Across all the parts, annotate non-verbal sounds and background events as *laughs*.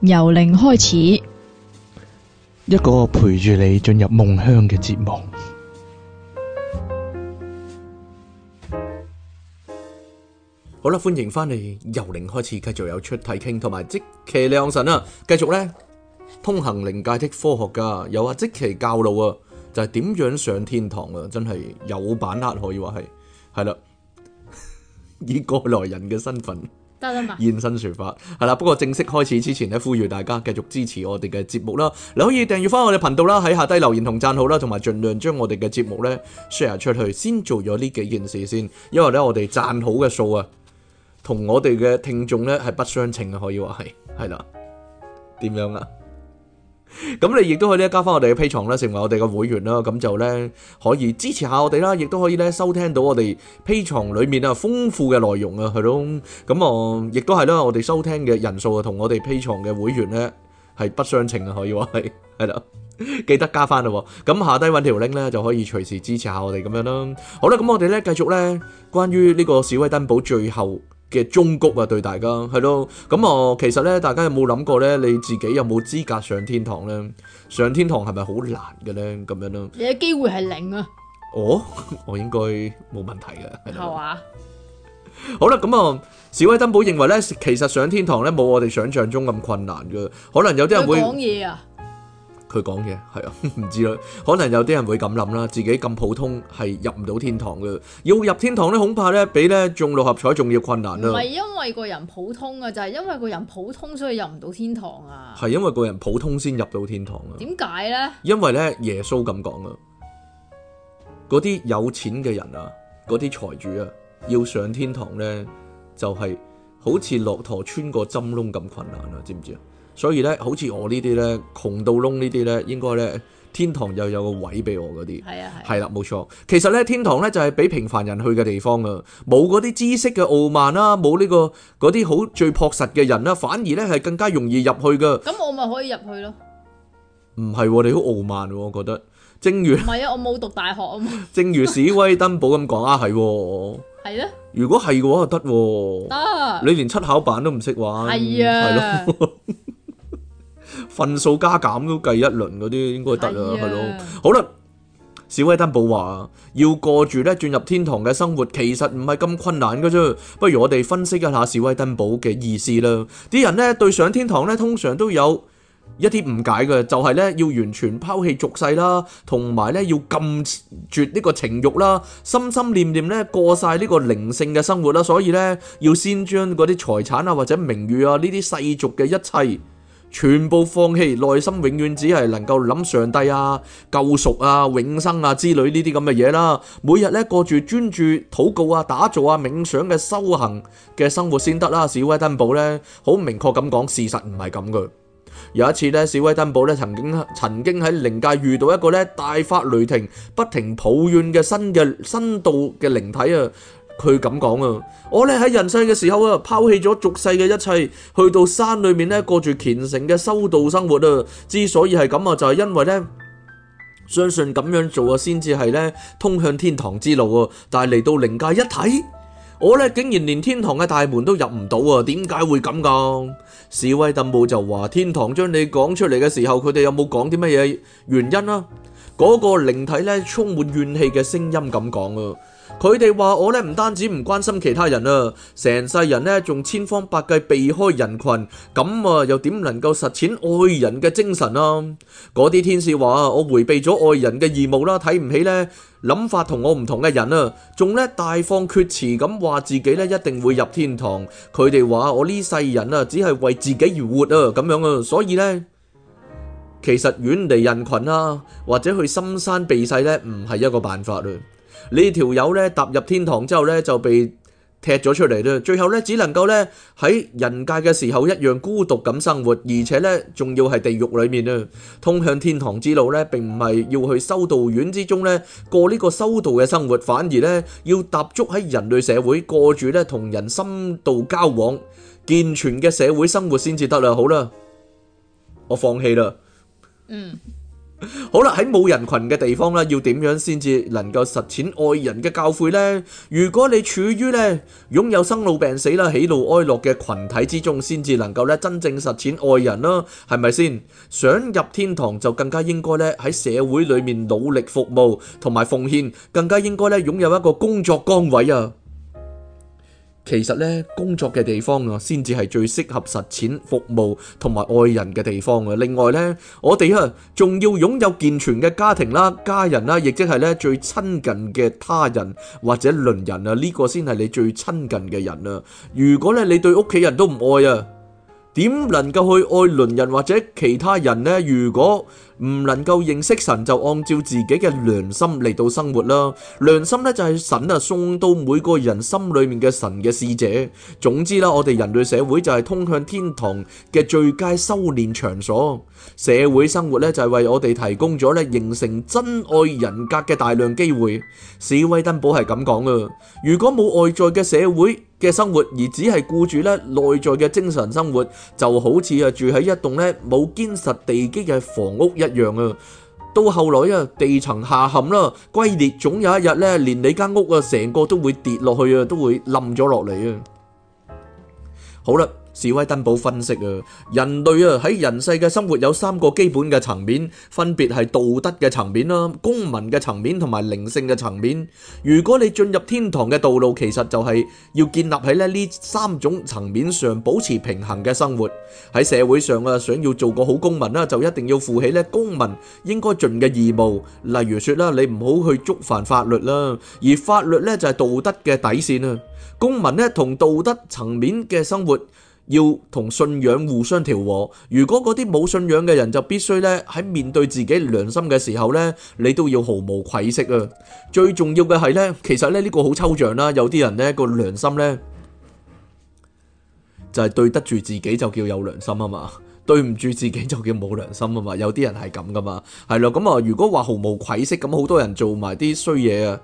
由零開始，一個陪住你進入夢鄉嘅節目。好啦，歡迎翻嚟由零開始，繼續有出體傾，同埋積奇亮神啊！繼續咧，通行靈界的科學家，有話積奇教路啊，就係、是、點樣上天堂啊！真係有把握，可以話係係啦， *laughs* 以過來人嘅身份。現身說法係啦，不過正式開始之前咧，呼籲大家繼續支持我哋嘅節目啦。你可以訂閱翻我哋頻道啦，喺下低留言同讚好啦，同埋盡量將我哋嘅節目咧 share 出去，先做咗呢幾件事先。因為咧，我哋讚好嘅數啊，同我哋嘅聽眾咧係不相稱嘅，可以話係係啦。點樣啊？咁你亦都可以呢加翻我哋嘅 P 床啦，成為我哋嘅會員啦，咁就咧可以支持下我哋啦，亦都可以咧收聽到我哋 P 床裏面啊豐富嘅內容啊，係咯，咁、呃、我亦都係啦，我哋收聽嘅人數啊同我哋 P 床嘅會員咧係不相稱啊，可以話係係啦， *laughs* 記得加翻啦，咁下低搵條 link 咧就可以隨時支持下我哋咁樣啦。好啦，咁我哋咧繼續咧關於呢個示威登堡最後。嘅忠告啊，對大家係咯，咁啊，其實咧，大家有冇諗過咧？你自己有冇資格上天堂咧？上天堂係咪好難嘅咧？咁樣咯，你嘅機會係零啊！哦， *laughs* 我應該冇問題嘅。係嘛？好啦，咁啊，史威登堡認為咧，其實上天堂咧冇我哋想象中咁困難嘅，可能有啲人會講嘢啊。佢講嘅係啊，唔知啦，可能有啲人會咁諗啦，自己咁普通係入唔到天堂嘅，要入天堂咧，恐怕咧比咧中六合彩仲要困難啦。唔係因為個人普通啊，就係因為個人普通所以入唔到天堂啊。係因為個人普通先入到天堂啊。點解咧？因為咧耶穌咁講啊，嗰啲有錢嘅人啊，嗰啲財主啊，要上天堂咧，就係好似駱駝穿個針窿咁困難啊，知唔知啊？所以咧，好似我呢啲咧窮到窿呢啲咧，應該咧天堂又有個位俾我嗰啲。係啊，係。係啦，冇錯。其實咧，天堂咧就係俾平凡人去嘅地方啊！冇嗰啲知識嘅傲慢啦，冇呢個嗰啲好最樸實嘅人啦，反而咧係更加容易入去噶。咁我咪可以入去咯？唔係，你好傲慢，我覺得。正如唔係啊，我冇讀大學啊嘛。正如史威登堡咁講啊，係。係咧。如果係嘅話，就得。得。你連七巧板都唔識玩。係啊。係咯。分數加減都計一輪嗰啲應該得啊，係咯的。的好啦，史威登堡話要過住咧進入天堂嘅生活，其實唔係咁困難嘅啫。不如我哋分析一下史威登堡嘅意思啦。啲人咧對上天堂咧通常都有一啲誤解嘅，就係、是、咧要完全拋棄俗世啦，同埋咧要禁絕呢個情慾啦，心心念念咧過晒呢個靈性嘅生活啦。所以咧要先將嗰啲財產啊或者名譽啊呢啲世俗嘅一切。全部放棄，內心永遠只係能夠諗上帝啊、救贖啊、永生啊之類呢啲咁嘅嘢啦。每日咧過住專注禱告啊、打坐啊、冥想嘅修行嘅生活先得啦。史威登堡咧好明確咁講，事實唔係咁嘅。有一次咧，史威登堡咧曾經曾經喺靈界遇到一個咧大發雷霆、不停抱怨嘅新嘅新道嘅靈體啊。佢咁講啊，我咧喺人世嘅時候啊，拋棄咗俗世嘅一切，去到山裏面咧過住虔誠嘅修道生活啊。之所以係咁啊，就係因為咧，相信咁樣做啊，先至係咧通向天堂之路啊。但係嚟到靈界一睇，我咧竟然連天堂嘅大門都入唔到啊！點解會咁噶？史威登堡就話：天堂將你講出嚟嘅時候，佢哋有冇講啲乜嘢原因啊？嗰個靈體咧充滿怨氣嘅聲音咁講啊。佢哋話我咧唔單止唔關心其他人啊，成世人咧仲千方百計避開人群，咁啊又點能夠實踐愛人嘅精神啊？嗰啲天使話我回避咗愛人嘅義務啦，睇唔起呢，諗法同我唔同嘅人啊，仲咧大放厥詞咁話自己咧一定會入天堂。佢哋話我呢世人啊只係為自己而活啊咁樣啊，所以呢，其實遠離人群啊，或者去深山避世呢，唔係一個辦法啊。呢條友咧踏入天堂之後咧就被踢咗出嚟啦，最後咧只能夠咧喺人界嘅時候一樣孤獨咁生活，而且咧仲要係地獄裡面啊！通向天堂之路咧並唔係要去修道院之中咧過呢個修道嘅生活，反而咧要踏足喺人類社會，過住咧同人深度交往、健全嘅社會生活先至得啦。好啦，我放棄啦。嗯。好啦，喺冇人群嘅地方咧，要點樣先至能夠實踐愛人嘅教誨呢？如果你處於呢擁有生老病死啦、喜怒哀樂嘅群體之中，先至能夠咧真正實踐愛人囉，係咪先？想入天堂就更加應該咧喺社會裏面努力服務同埋奉獻，更加應該咧擁有一個工作崗位啊！其實咧，工作嘅地方啊，先至係最適合實踐服務同埋愛人嘅地方啊。另外呢，我哋啊，仲要擁有健全嘅家庭啦、家人啦，亦即係咧最親近嘅他人或者鄰人啊，呢個先係你最親近嘅人啊。如果咧你對屋企人都唔愛啊，點能夠去愛鄰人或者其他人呢？如果吾能夠認識神，就按照自己的良心來到生活。良心就是神送到每個人心裡面的神的使者。總之我們人類社會就是通向天堂的最佳修煉場所，社會生活就是為我們提供了形成真愛人格的大量機會。史威登堡是這樣說如果沒有外在的社會的生活而只是顧着內在的精神生活，就好像住在一棟沒有堅實地基的房屋一樣啊！到後來啊，地層下陷啦、龜裂，總有一日咧，連你間屋啊，成個都會跌落去啊，都會冧咗落嚟啊！好啦。史威登堡分析啊！人類啊喺人世嘅生活有三個基本嘅層面，分別係道德嘅層面啦、公民嘅層面同埋靈性嘅層面。如果你進入天堂嘅道路，其實就係要建立喺咧呢三種層面上保持平衡嘅生活。喺社會上啊，想要做個好公民啦，就一定要負起咧公民應該盡嘅義務，例如説啦，你唔好去觸犯法律啦，而法律咧就係道德嘅底線啊。公民咧同道德層面嘅生活，要同信仰互相調和。如果嗰啲冇信仰嘅人，就必須咧喺面對自己良心嘅時候咧，你都要毫無愧色啊。最重要嘅係咧，其實咧呢個好抽象啦。有啲人咧個良心咧就係對得住自己就叫有良心啊嘛，對唔住自己就叫冇良心啊嘛。有啲人係咁噶嘛，係咯。咁啊，如果話毫無愧色，咁好多人做埋啲衰嘢啊。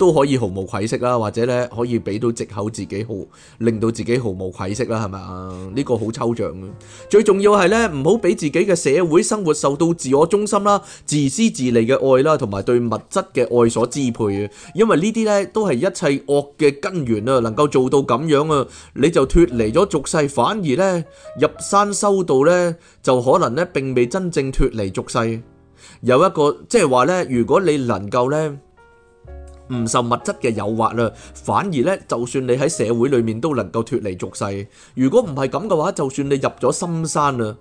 都可以毫無愧色啦，或者咧可以俾到藉口自己好，令到自己毫無愧色啦，係咪啊？呢個好抽象嘅。最重要係咧，唔好俾自己嘅社會生活受到自我中心啦、自私自利嘅愛啦，同埋對物質嘅愛所支配嘅。因為呢啲咧都係一切惡嘅根源啊！能夠做到咁樣啊，你就脱離咗俗世，反而咧入山修道咧，就可能咧並未真正脱離俗世。有一個即係話咧，如果你能夠咧。唔受物質嘅誘惑啦，反而呢，就算你喺社會裏面都能夠脱離俗世。如果唔係咁嘅話，就算你入咗深山啦，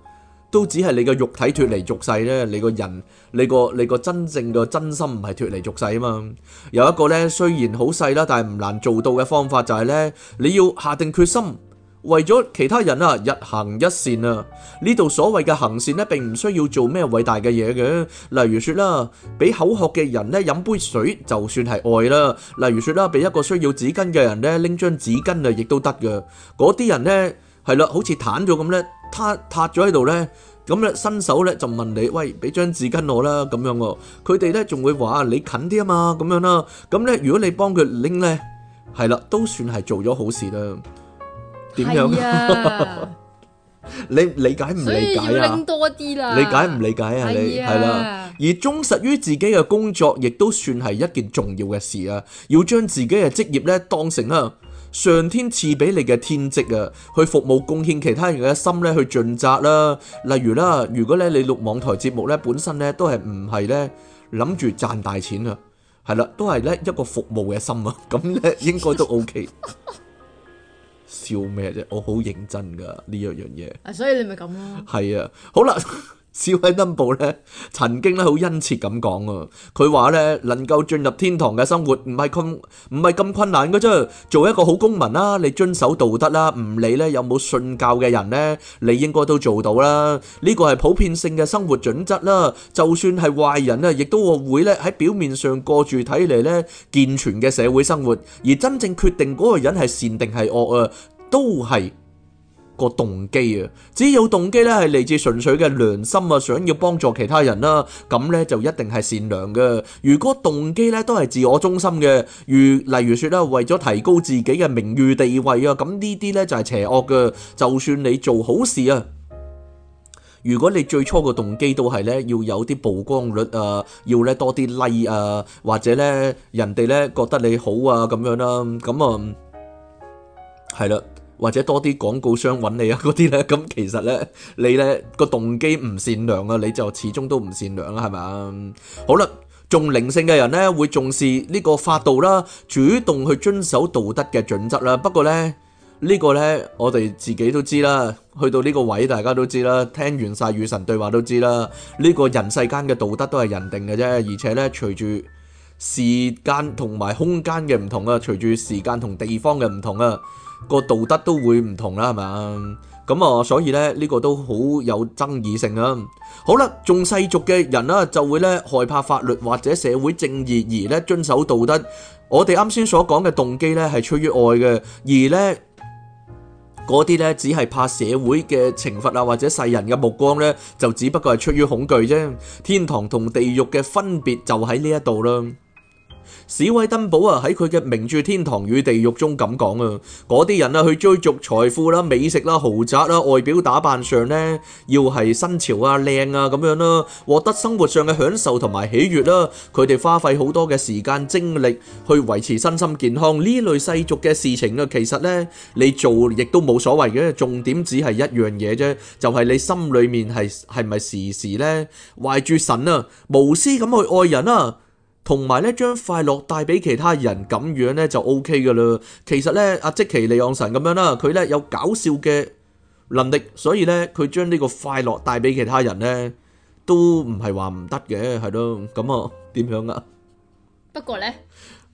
都只係你嘅肉體脱離俗世呢。你個人，你個你個真正嘅真心唔係脱離俗世啊嘛。有一個呢，雖然好細啦，但係唔難做到嘅方法就係呢：你要下定決心。為咗其他人啊，日行一善啊！呢度所謂嘅行善咧，並唔需要做咩偉大嘅嘢嘅。例如說啦，俾口渴嘅人咧飲杯水，就算係愛啦。例如說啦，俾一個需要紙巾嘅人咧拎張紙巾啊，亦都得嘅。嗰啲人咧，係啦，好似癱咗咁咧，塌塌咗喺度咧，咁咧伸手咧就問你，喂，俾張紙巾我啦，咁樣。佢哋咧仲會話你近啲啊嘛，咁樣啦。咁咧，如果你幫佢拎咧，係啦，都算係做咗好事啦。點樣？你理解唔理解啊？理解唔理解啊？你係啦，而忠實於自己嘅工作，亦都算係一件重要嘅事啊！要將自己嘅職業呢當成啊上天賜俾你嘅天職啊，去服務、貢獻其他人嘅心呢，去盡責啦。例如啦，如果咧你錄網台節目呢，本身呢都係唔係呢諗住賺大錢啊？係啦，都係呢一個服務嘅心啊，咁呢應該都 OK。笑咩啫？我好認真㗎呢樣樣嘢。啊，所以你咪咁咯。係啊，好啦。 *laughs* 史威登堡咧，曾經咧好殷切咁講啊，佢話咧能夠進入天堂嘅生活唔係咁，唔係咁困難噶啫，做一個好公民啦，你遵守道德啦，唔理咧有冇信教嘅人咧，你應該都做到啦。呢個係普遍性嘅生活準則啦，就算係壞人啊，亦都會咧喺表面上過住睇嚟，咧健全嘅社會生活，而真正決定嗰個人係善定係惡啊，都係。個動機啊，只有動機咧係嚟自純粹嘅良心啊，想要幫助其他人啦，咁咧就一定係善良嘅。如果動機咧都係自我中心嘅，如例如說咧為咗提高自己嘅名譽地位啊，咁呢啲咧就係邪惡嘅。就算你做好事啊，如果你最初個動機都係咧要有啲曝光率啊，要咧多啲 like 啊，或者咧人哋咧覺得你好啊咁樣啦，咁啊係啦。嗯或者多啲廣告商揾你啊，嗰啲呢？咁其實呢，你呢個動機唔善良啊，你就始終都唔善良啦，係咪啊？好啦，重靈性嘅人呢，會重視呢個法道啦，主動去遵守道德嘅準則啦。不過呢，呢個呢，我哋自己都知啦，去到呢個位大家都知啦，聽完晒與神對話都知啦。呢個人世間嘅道德都係人定嘅啫，而且呢，隨住時間同埋空間嘅唔同啊，隨住時間同地方嘅唔同啊。個道德都會唔同啦，係咪啊？咁啊，所以咧呢、呢個都好有爭議性啊！好啦，重世俗嘅人啦，就會咧害怕法律或者社會正義而咧遵守道德。我哋啱先所講嘅動機咧係出於愛嘅，而咧嗰啲咧只係怕社會嘅懲罰啊，或者世人嘅目光咧，就只不過係出於恐懼啫。天堂同地獄嘅分別就喺呢一度啦。史威登堡啊，喺佢嘅名著《天堂與地獄》中咁講啊，嗰啲人啊去追逐財富啦、美食啦、豪宅啦，外表打扮上呢，要係新潮啊、靚啊咁樣啦，獲得生活上嘅享受同埋喜悦啦，佢哋花費好多嘅時間精力去維持身心健康呢類世俗嘅事情啊，其實呢，你做亦都冇所謂嘅，重點只係一樣嘢啫，就係、是、你心裏面係係咪時時呢懷住神啊，無私咁去愛人啊。同埋咧，將快樂帶俾其他人，咁樣咧就 OK 㗎喇。其實咧，阿即奇利昂神咁樣啦，佢咧有搞笑嘅能力，所以咧，佢將呢個快樂帶俾其他人咧，都唔係話唔得嘅，係咯。咁啊，點樣啊？不過咧。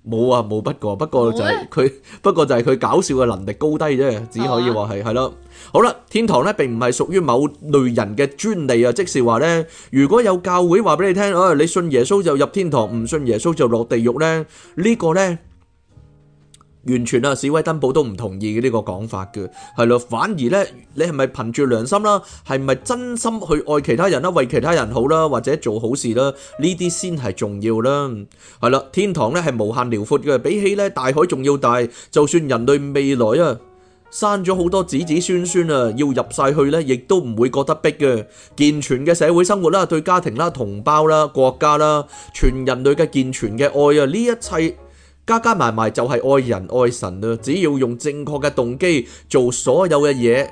冇啊，冇不過，不過就係、是、佢不過就係佢搞笑嘅能力高低啫，只可以話係係咯。好啦，天堂咧並唔係屬於某類人嘅專利啊，即是話咧，如果有教會話俾你聽，誒、哎，你信耶穌就入天堂，唔信耶穌就落地獄咧，這個、呢個咧。完全啊，《史威登堡》都唔同意嘅呢、這個講法嘅，係啦，反而呢，你係咪憑住良心啦、啊？係咪真心去愛其他人啦、啊？為其他人好啦、啊，或者做好事啦、啊？呢啲先係重要啦。係啦，天堂呢係無限遼闊嘅，比起呢，大海仲要大。就算人類未來啊，生咗好多子子孫孫啊，要入晒去呢，亦都唔會覺得逼嘅。健全嘅社會生活啦、啊，對家庭啦、啊、同胞啦、啊、國家啦、啊、全人類嘅健全嘅愛啊，呢一切。加加埋埋就係愛人愛神啦，只要用正確嘅動機做所有嘅嘢。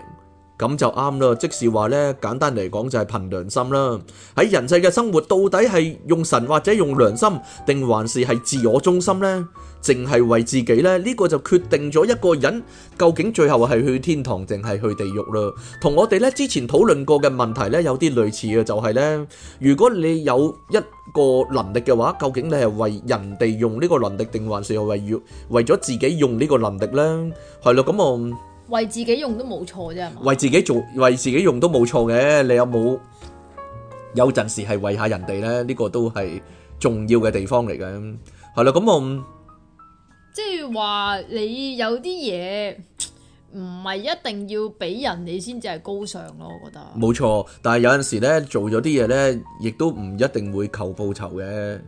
咁就啱啦，即是話咧，簡單嚟講就係憑良心啦。喺人世嘅生活到底係用神或者用良心，定還是係自我中心咧？淨係為自己咧？呢個就決定咗一個人究竟最後係去天堂定係去地獄啦。同我哋咧之前討論過嘅問題咧有啲類似嘅，就係咧，如果你有一個能力嘅話，究竟你係為人哋用呢個能力，定還是係為要為咗自己用呢個能力咧？係咯，咁我。為自己用都冇錯啫，係嘛？為自己做、為自己用都冇錯嘅。你有冇有陣時係為下人哋咧？呢個都係重要嘅地方嚟嘅，係咯。咁我即係話你有啲嘢唔係一定要俾人，你先至係高尚咯。我覺得冇錯，但係有陣時咧做咗啲嘢咧，亦都唔一定會求報酬嘅。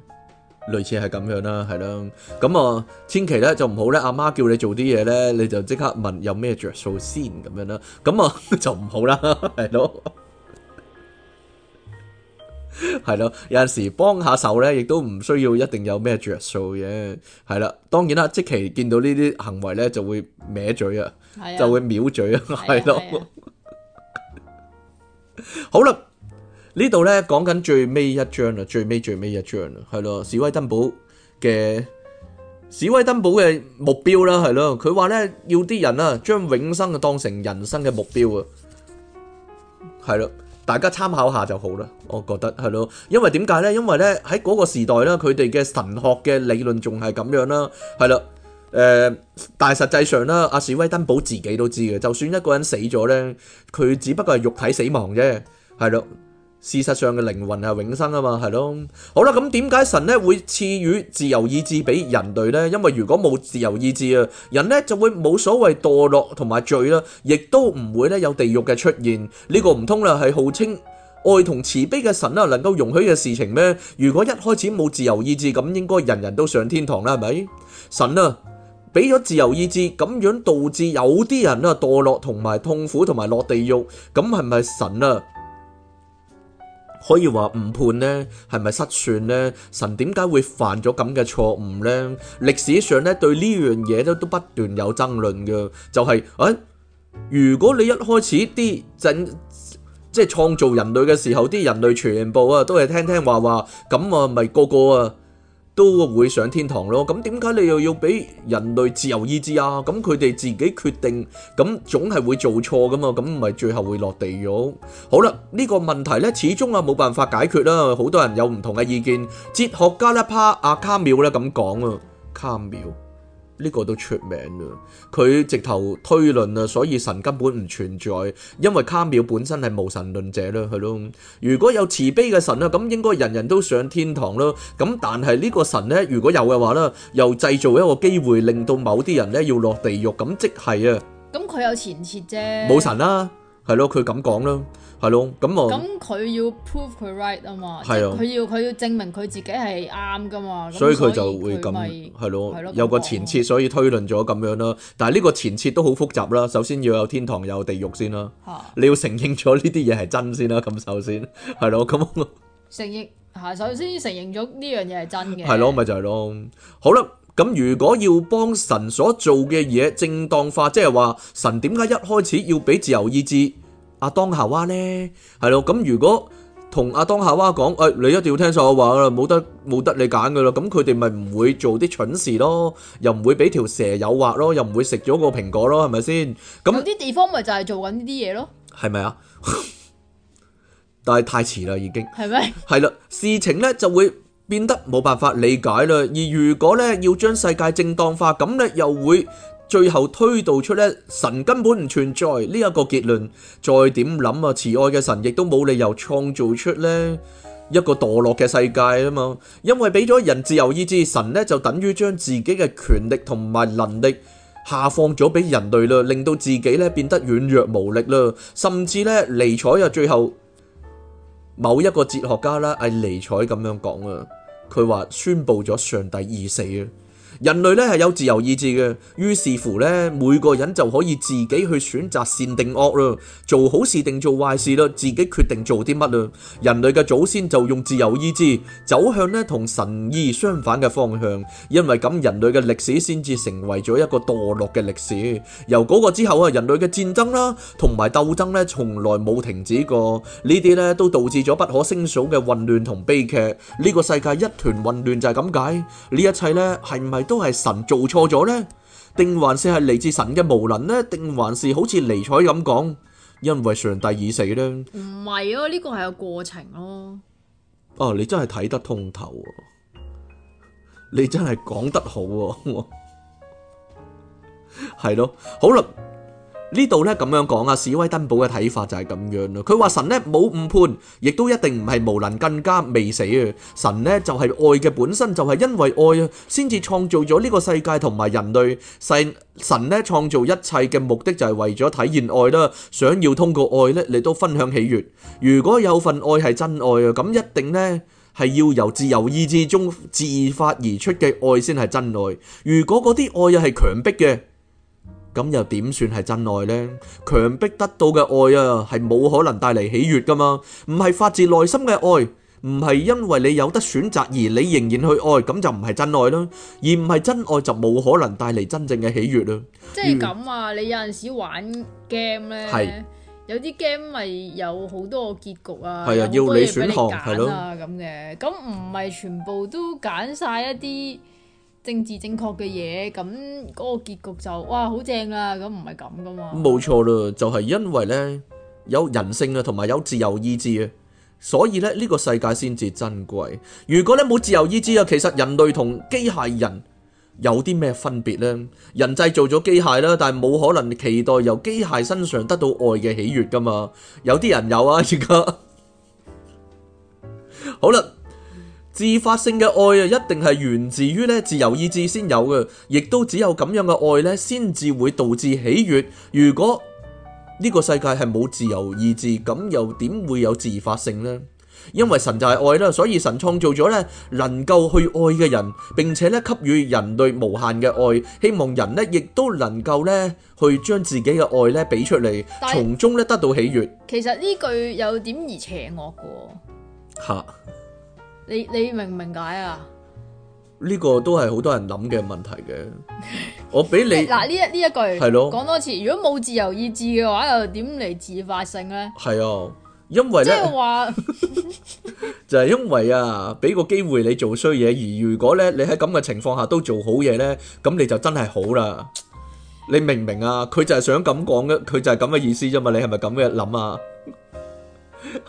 類似係咁樣啦，係咯，咁、嗯、啊，千祈咧就唔好咧，阿媽叫你做啲嘢咧，你就即刻問有咩着數先咁樣啦，咁、嗯、啊、嗯、就唔好啦，係咯，係 *laughs* 咯，有陣時幫下手咧，亦都唔需要一定有咩着數嘅，係啦，當然啦，即期見到呢啲行為咧，就會歪嘴啊，的就會藐嘴啊，係咯， *laughs* 好啦。呢度呢，講緊最尾一章啦，最尾最尾一章啦，係咯，史威登堡嘅史威登堡嘅目標啦，係咯，佢話呢，要啲人啊將永生啊當成人生嘅目標啊，係咯，大家參考下就好啦，我覺得係咯，因為點解呢？因為呢，喺嗰個時代呢，佢哋嘅神學嘅理論仲係咁樣啦，係啦，誒、呃，但係實際上咧，阿史威登堡自己都知嘅，就算一個人死咗呢，佢只不過係肉體死亡啫，係咯。事實上嘅靈魂係永生啊嘛，係咯。好啦，咁點解神咧會賜予自由意志俾人類咧？因為如果冇自由意志啊，人咧就會冇所謂墮落同埋罪啦，亦都唔會咧有地獄嘅出現。呢個唔通啦，係號稱愛同慈悲嘅神啊，能夠容許嘅事情咩？如果一開始冇自由意志，咁應該人人都上天堂啦，係咪？神啊，俾咗自由意志，咁樣導致有啲人啊墮落同埋痛苦同埋落地獄，咁係咪神啊？可以話誤判呢？係咪失算呢？神點解會犯咗咁嘅錯誤呢？歷史上咧對呢樣嘢都都不斷有爭論噶，就係、是、誒、啊，如果你一開始啲真即係創造人類嘅時候，啲人類全部啊都係聽聽話話，咁啊咪個個啊。都會上天堂咯，咁點解你又要俾人類自由意志啊？咁佢哋自己決定，咁總係會做錯噶嘛，咁唔係最後會落地獄？好啦，呢、這個問題呢，始終啊冇辦法解決啦、啊，好多人有唔同嘅意見，哲學家咧阿、啊、卡妙咧咁講啊，卡妙。呢個都出名啦，佢直頭推論啦，所以神根本唔存在，因為卡廟本身係無神論者啦，係咯。如果有慈悲嘅神啦，咁應該人人都上天堂咯。咁但係呢個神呢，如果有嘅話呢，又製造一個機會，令到某啲人呢要落地獄，咁即係啊。咁佢有前設啫。冇神啦，係咯，佢咁講咯。係咯，咁我咁佢要 prove 佢 right 啊嘛，佢要佢要證明佢，係啊，自己係啱噶嘛，所以佢就會咁係，就是，咯，咯有個前設，所以推論咗咁樣啦。但係呢個前設都好複雜啦，首先要有天堂有地獄先啦，哈你要承認咗呢啲嘢係真先啦，咁首先係，嗯、咯，咁承認首先承認咗呢樣嘢係真嘅，係咯，咪就係，是，咯。好啦，咁如果要幫神所做嘅嘢正當化，即係話神點解一開始要俾自由意志？阿當夏娃呢，係咯。咁如果同阿當夏娃講，誒、哎，你一定要聽晒我話噶啦，冇得冇得你揀噶啦。咁佢哋咪唔會做啲蠢事咯，又唔會俾條蛇誘惑咯，又唔會食咗個蘋果咯，係咪先？咁啲地方咪就係做緊呢啲嘢咯，係咪啊？ *laughs* 但係太遲啦，已經係咪？係啦嗎，事情呢就會變得冇辦法理解啦。而如果呢，要將世界正當化，咁呢又會。最後推導出咧神根本唔存在呢一個結論，再點諗啊？慈愛嘅神亦都冇理由創造出呢一個墮落嘅世界啊嘛！因為俾咗人自由意志，神呢就等於將自己嘅權力同埋能力下放咗俾人類啦，令到自己咧變得軟弱無力啦，甚至呢，尼采啊，最後某一個哲學家啦，係尼采咁樣講啊，佢話宣布咗上帝已死啊！人類咧係有自由意志嘅，於是乎咧，每個人就可以自己去選擇善定惡咯，做好事定做壞事咯，自己決定做啲乜咯。人類嘅祖先就用自由意志走向咧同神意相反嘅方向，因為咁人類嘅歷史先至成為咗一個墮落嘅歷史。由嗰個之後啊，人類嘅戰爭啦，同埋鬥爭咧，從來冇停止過。呢啲咧都導致咗不可勝數嘅混亂同悲劇。呢個世界一團混亂就係咁解。呢一切咧係唔係都？都係神做錯咗呢，定還是係嚟自神嘅無能呢？定還是好似尼采咁講，因為上帝已死呢？唔係啊，呢個係個過程咯。哦，你真係睇得通透啊，你真係講得好啊。係咯，好啦。呢度呢，咁樣講啊，史威登堡嘅睇法就係咁樣咯。佢話神呢冇誤判，亦都一定唔係無能，更加未死啊。神呢就係愛嘅本身就係、是、因為愛啊，先至創造咗呢個世界同埋人類。神神呢創造一切嘅目的就係為咗體現愛啦。想要通過愛呢，嚟都分享喜悅。如果有份愛係真愛啊，咁一定呢係要由自由意志中自發而出嘅愛先係真愛。如果嗰啲愛又係強迫嘅。咁又點算係真愛呢？強迫得到嘅愛啊，係冇可能帶嚟喜悅噶嘛？唔係發自內心嘅愛，唔係因為你有得選擇而你仍然去愛，咁就唔係真愛咯。而唔係真愛就冇可能帶嚟真正嘅喜悅咯。即係咁啊！你有陣時玩 game 呢，有啲 game 咪有好多個結局啊，好多嘢俾你揀啊咁嘅。咁唔係全部都揀晒一啲。政治正確嘅嘢，咁嗰個結局就哇好正啊，咁唔係咁噶嘛。冇錯啦，就係因為呢有人性啊，同埋有自由意志啊，所以呢呢個世界先至珍貴。如果你冇自由意志啊，其實人類同機械人有啲咩分別呢？人製造咗機械啦，但係冇可能期待由機械身上得到愛嘅喜悦噶嘛。有啲人有啊，而家好啦。自發性嘅愛啊，一定係源自於咧自由意志先有嘅，亦都只有咁樣嘅愛咧，先至會導致喜悦。如果呢個世界係冇自由意志，咁又點會有自發性呢？因為神就係愛啦，所以神創造咗咧，能夠去愛嘅人，並且咧給予人類無限嘅愛，希望人咧亦都能夠咧去將自己嘅愛咧俾出嚟，從中咧得到喜悦。其實呢句有點而邪惡嘅？吓。你你明唔明解啊？呢個都係好多人諗嘅問題嘅。我俾你嗱，呢一呢一句係咯，講多次。如果冇自由意志嘅話，又點嚟，自發性咧？係啊，因為咧，即係話就係因為啊，俾個機會你做衰嘢，而如果咧你喺咁嘅情況下都做好嘢咧，咁你就真係好啦。你明唔明啊？佢就係想咁講嘅，佢就係咁嘅意思啫嘛。你係咪咁嘅諗啊？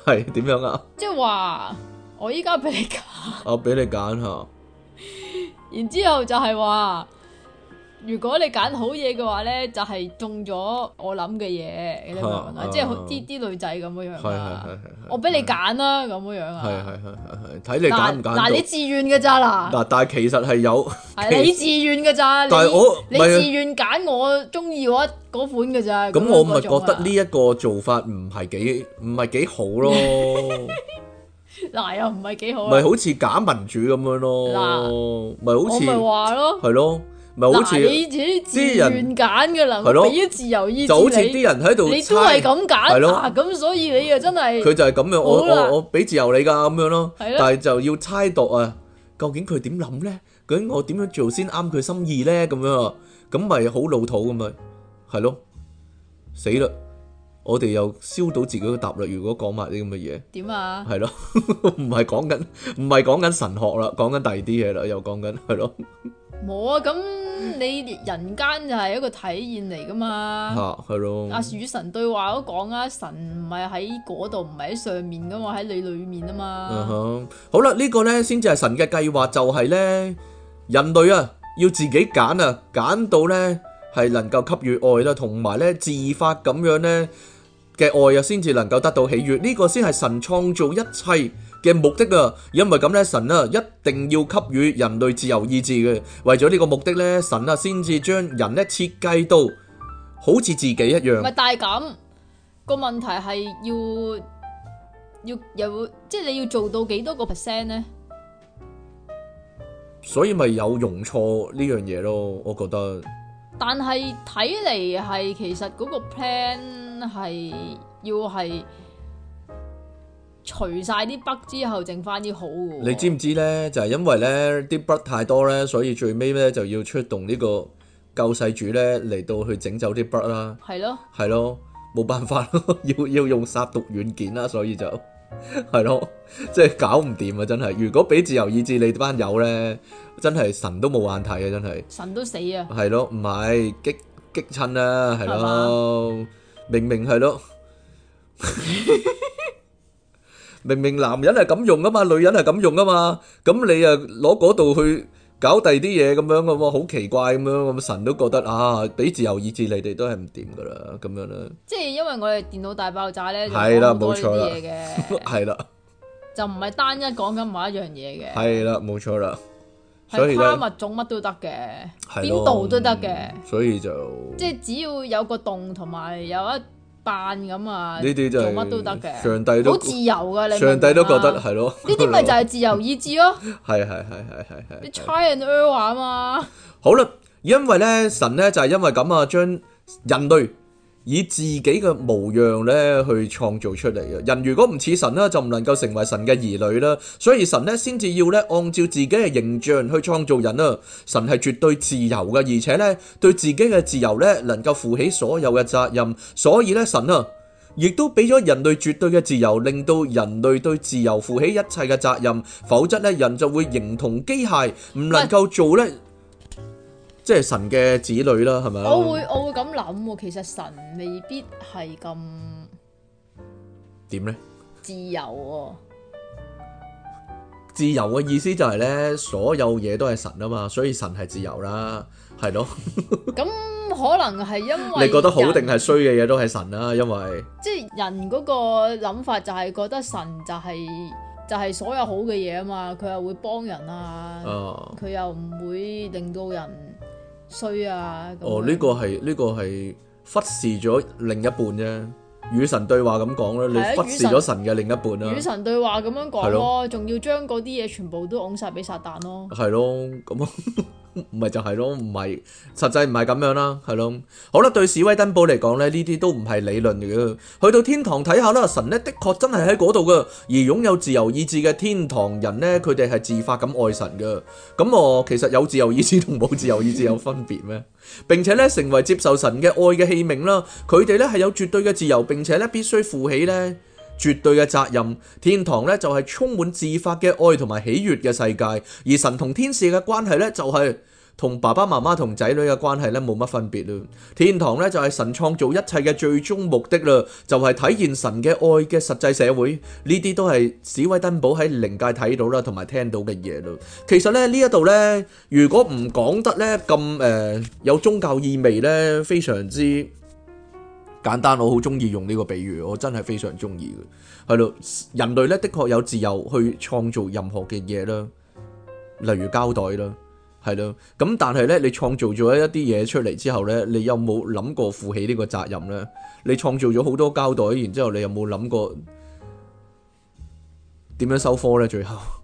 係，點樣啊？即係話。我依家俾你揀，我俾你揀吓。然之後就係話，如果你揀好嘢嘅話咧，就係、是、中咗我諗嘅嘢嘅即係啲啲女仔咁樣啊。我俾你揀啦，咁樣啊。係係係係係，睇你揀唔揀到。嗱，你自願㗎咋嗱？嗱，但係其實係有。你自願㗎咋？但係我你自願揀我中意嗰款㗎咋？咁我咪覺得呢一個做法唔係幾唔係幾好咯。 *laughs* 嗱又唔係幾好，咪好似假民主咁樣咯，咪好似我咪話咯，係咯，咪好似啲人揀嘅啦，俾啲自由意見你，就好似啲人喺度，你都係咁揀，係咯，咁所以你又真係，佢就係咁樣，我我我俾自由你噶咁樣咯，係咯，但係就要猜度啊，究竟佢點諗咧？究竟我點樣做先啱佢心意咧？咁樣，咁咪好老土咁樣，係咯，死啦！我哋又燒到自己嘅答啦！如果講埋啲咁嘅嘢，點啊？係咯是的，唔係講緊，唔係講緊神學啦，講緊第二啲嘢啦，又講緊係咯。冇 *laughs* 啊！咁你人間就係一個體驗嚟噶嘛？吓，係咯。阿與神對話都講啊，神唔係喺嗰度，唔係喺上面噶嘛，喺你裡面啊嘛。好啦，這個、呢個咧先至係神嘅計劃，就係、是、咧人類啊，要自己揀啊，揀到咧係能夠給予愛啦，同埋咧自發咁樣咧。嘅愛啊，先至能夠得到喜悅，呢個先係神創造一切嘅目的啊！因為咁咧，神啊一定要給予人類自由意志嘅，為咗呢個目的咧，神啊先至將人咧設計到好似自己一樣。咪但係咁個問題係要要有，即係你要做到幾多個 percent 咧？所以咪有容錯呢樣嘢咯，我覺得。但係睇嚟係其實嗰個 plan。真係要係除晒啲筆之後剩，剩翻啲好。你知唔知咧？就係、是、因為咧啲筆太多咧，所以最尾咧就要出動呢個救世主咧嚟到去整走啲筆啦。係咯，係咯，冇辦法咯，要要用殺毒軟件啦，所以就係咯，即係搞唔掂啊！真係，如果俾自由意志你班友咧，真係神都冇眼睇啊！真係神都死啊！係咯，唔係激激親啦，係咯。明明係咯， *laughs* 明明男人係咁用啊嘛，女人係咁用啊嘛，咁你啊攞嗰度去搞第二啲嘢咁樣嘅，好奇怪咁樣，咁神都覺得啊，俾自由意志你哋都係唔掂噶啦，咁樣啦。即係因為我哋電腦大爆炸咧，係啦的，冇錯啦，係啦 *laughs* 的，就唔係單一講緊某一樣嘢嘅，係啦，冇錯啦。係跨物種乜都得嘅，邊度了都得嘅，所以就即係只要有個洞同埋有一瓣咁啊，呢啲就做乜都得嘅。上帝都好自由噶，你上帝都覺得係咯，呢啲咪就係自由意志咯，係係係係係係，你 try and error 話嘛，好啦，因為咧神咧就係、是、因為咁啊，將人類。以自己嘅模樣咧去創造出嚟嘅人，如果唔似神咧，就唔能夠成為神嘅兒女啦。所以神咧先至要咧按照自己嘅形象去創造人啊。神係絕對自由嘅，而且咧對自己嘅自由咧能夠負起所有嘅責任。所以咧神啊，亦都俾咗人類絕對嘅自由，令到人類對自由負起一切嘅責任。否則咧人就會形同機械，唔能夠做咧。即係神嘅子女啦，係咪？我會我會咁諗，其實神未必係咁點呢？自由、啊，自由嘅意思就係呢：所有嘢都係神啊嘛，所以神係自由啦，係咯。咁可能係因為你覺得好定係衰嘅嘢都係神啦、啊，因為即係人嗰個諗法就係覺得神就係、是、就係、是、所有好嘅嘢啊嘛，佢又會幫人啊，佢、哦、又唔會令到人。衰啊！哦，呢個係呢個係忽視咗另一半啫，與神對話咁講咧，啊、你忽視咗神嘅另一半啦、啊。與神對話咁樣講咯，仲要將嗰啲嘢全部都拱晒俾撒旦咯。係咯，咁啊。 *laughs* 唔係就係咯，唔係實際唔係咁樣啦，係咯，好啦，對史威登堡嚟講咧，呢啲都唔係理論嘅，去到天堂睇下啦，神咧的確真係喺嗰度嘅，而擁有自由意志嘅天堂人咧，佢哋係自發咁愛神嘅，咁我其實有自由意志同冇自由意志有分別咩？ *laughs* 並且咧成為接受神嘅愛嘅器皿啦，佢哋咧係有絕對嘅自由，並且咧必須負起咧。絕對嘅責任，天堂呢就係充滿自發嘅愛同埋喜悅嘅世界，而神同天使嘅關係呢，就係同爸爸媽媽同仔女嘅關係呢冇乜分別啦。天堂呢就係神創造一切嘅最終目的啦，就係體現神嘅愛嘅實際社會。呢啲都係史威登堡喺靈界睇到啦，同埋聽到嘅嘢嘞。其實咧呢一度呢，如果唔講得呢咁誒有宗教意味呢，非常之。簡單，我好中意用呢個比喻，我真係非常中意嘅。係咯，人類咧，的確有自由去創造任何嘅嘢啦，例如膠袋啦，係咯。咁但係咧，你創造咗一啲嘢出嚟之後咧，你有冇諗過負起呢個責任咧？你創造咗好多膠袋，然之後你有冇諗過點樣收科咧？最後？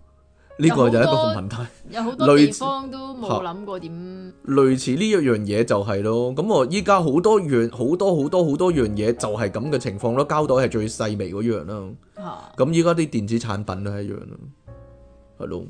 呢個就係一個問題，有好多、多地方都冇諗過點類似呢一樣嘢，就係咯。咁我依家好多、多、多樣，好多好多好多樣嘢就係咁嘅情況咯。膠袋係最細微嗰樣咯，咁依家啲電子產品都係一樣咯，係咯。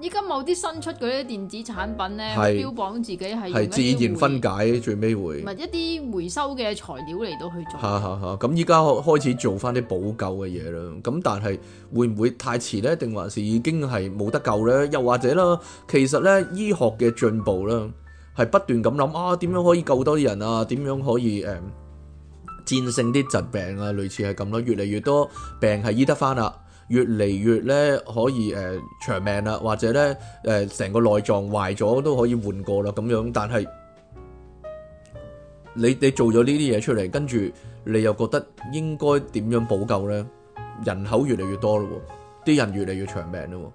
依家某啲新出嗰啲電子產品咧，是標榜自己係係自然分解，最尾會唔係一啲回收嘅材料嚟到去做。嚇嚇嚇！咁依家開始做翻啲補救嘅嘢啦。咁但係會唔會太遲咧？定還是已經係冇得救咧？又或者啦，其實咧醫學嘅進步啦，係不斷咁諗啊，點樣可以救多啲人啊？點樣可以誒、嗯、戰勝啲疾病啊？類似係咁咯，越嚟越多病係醫得翻啦。越嚟越咧可以誒、呃、長命啦，或者咧誒成個內臟壞咗都可以換過啦咁樣。但係你你做咗呢啲嘢出嚟，跟住你又覺得應該點樣補救呢？人口越嚟越多咯，啲人越嚟越長命咯，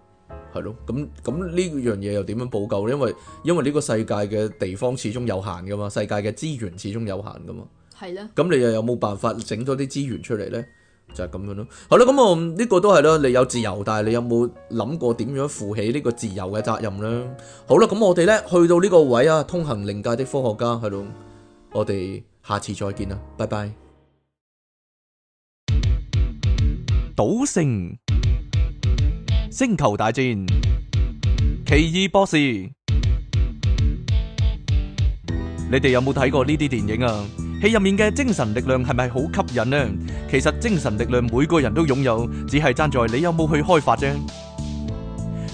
係咯。咁咁呢樣嘢又點樣補救咧？因為因為呢個世界嘅地方始終有限噶嘛，世界嘅資源始終有限噶嘛。係咧。咁你又有冇辦法整多啲資源出嚟呢？就係咁樣咯，好啦，咁我呢個都係啦，你有自由，但係你有冇諗過點樣負起呢個自由嘅責任咧？好啦，咁、嗯、我哋咧去到呢個位啊，通行靈界的科學家係咯，我哋下次再見啦，拜拜。賭聖、星球大戰、奇異博士，你哋有冇睇過呢啲電影啊？戲入面嘅精神力量係咪好吸引呢？其實精神力量每個人都擁有，只係爭在你有冇去開發啫。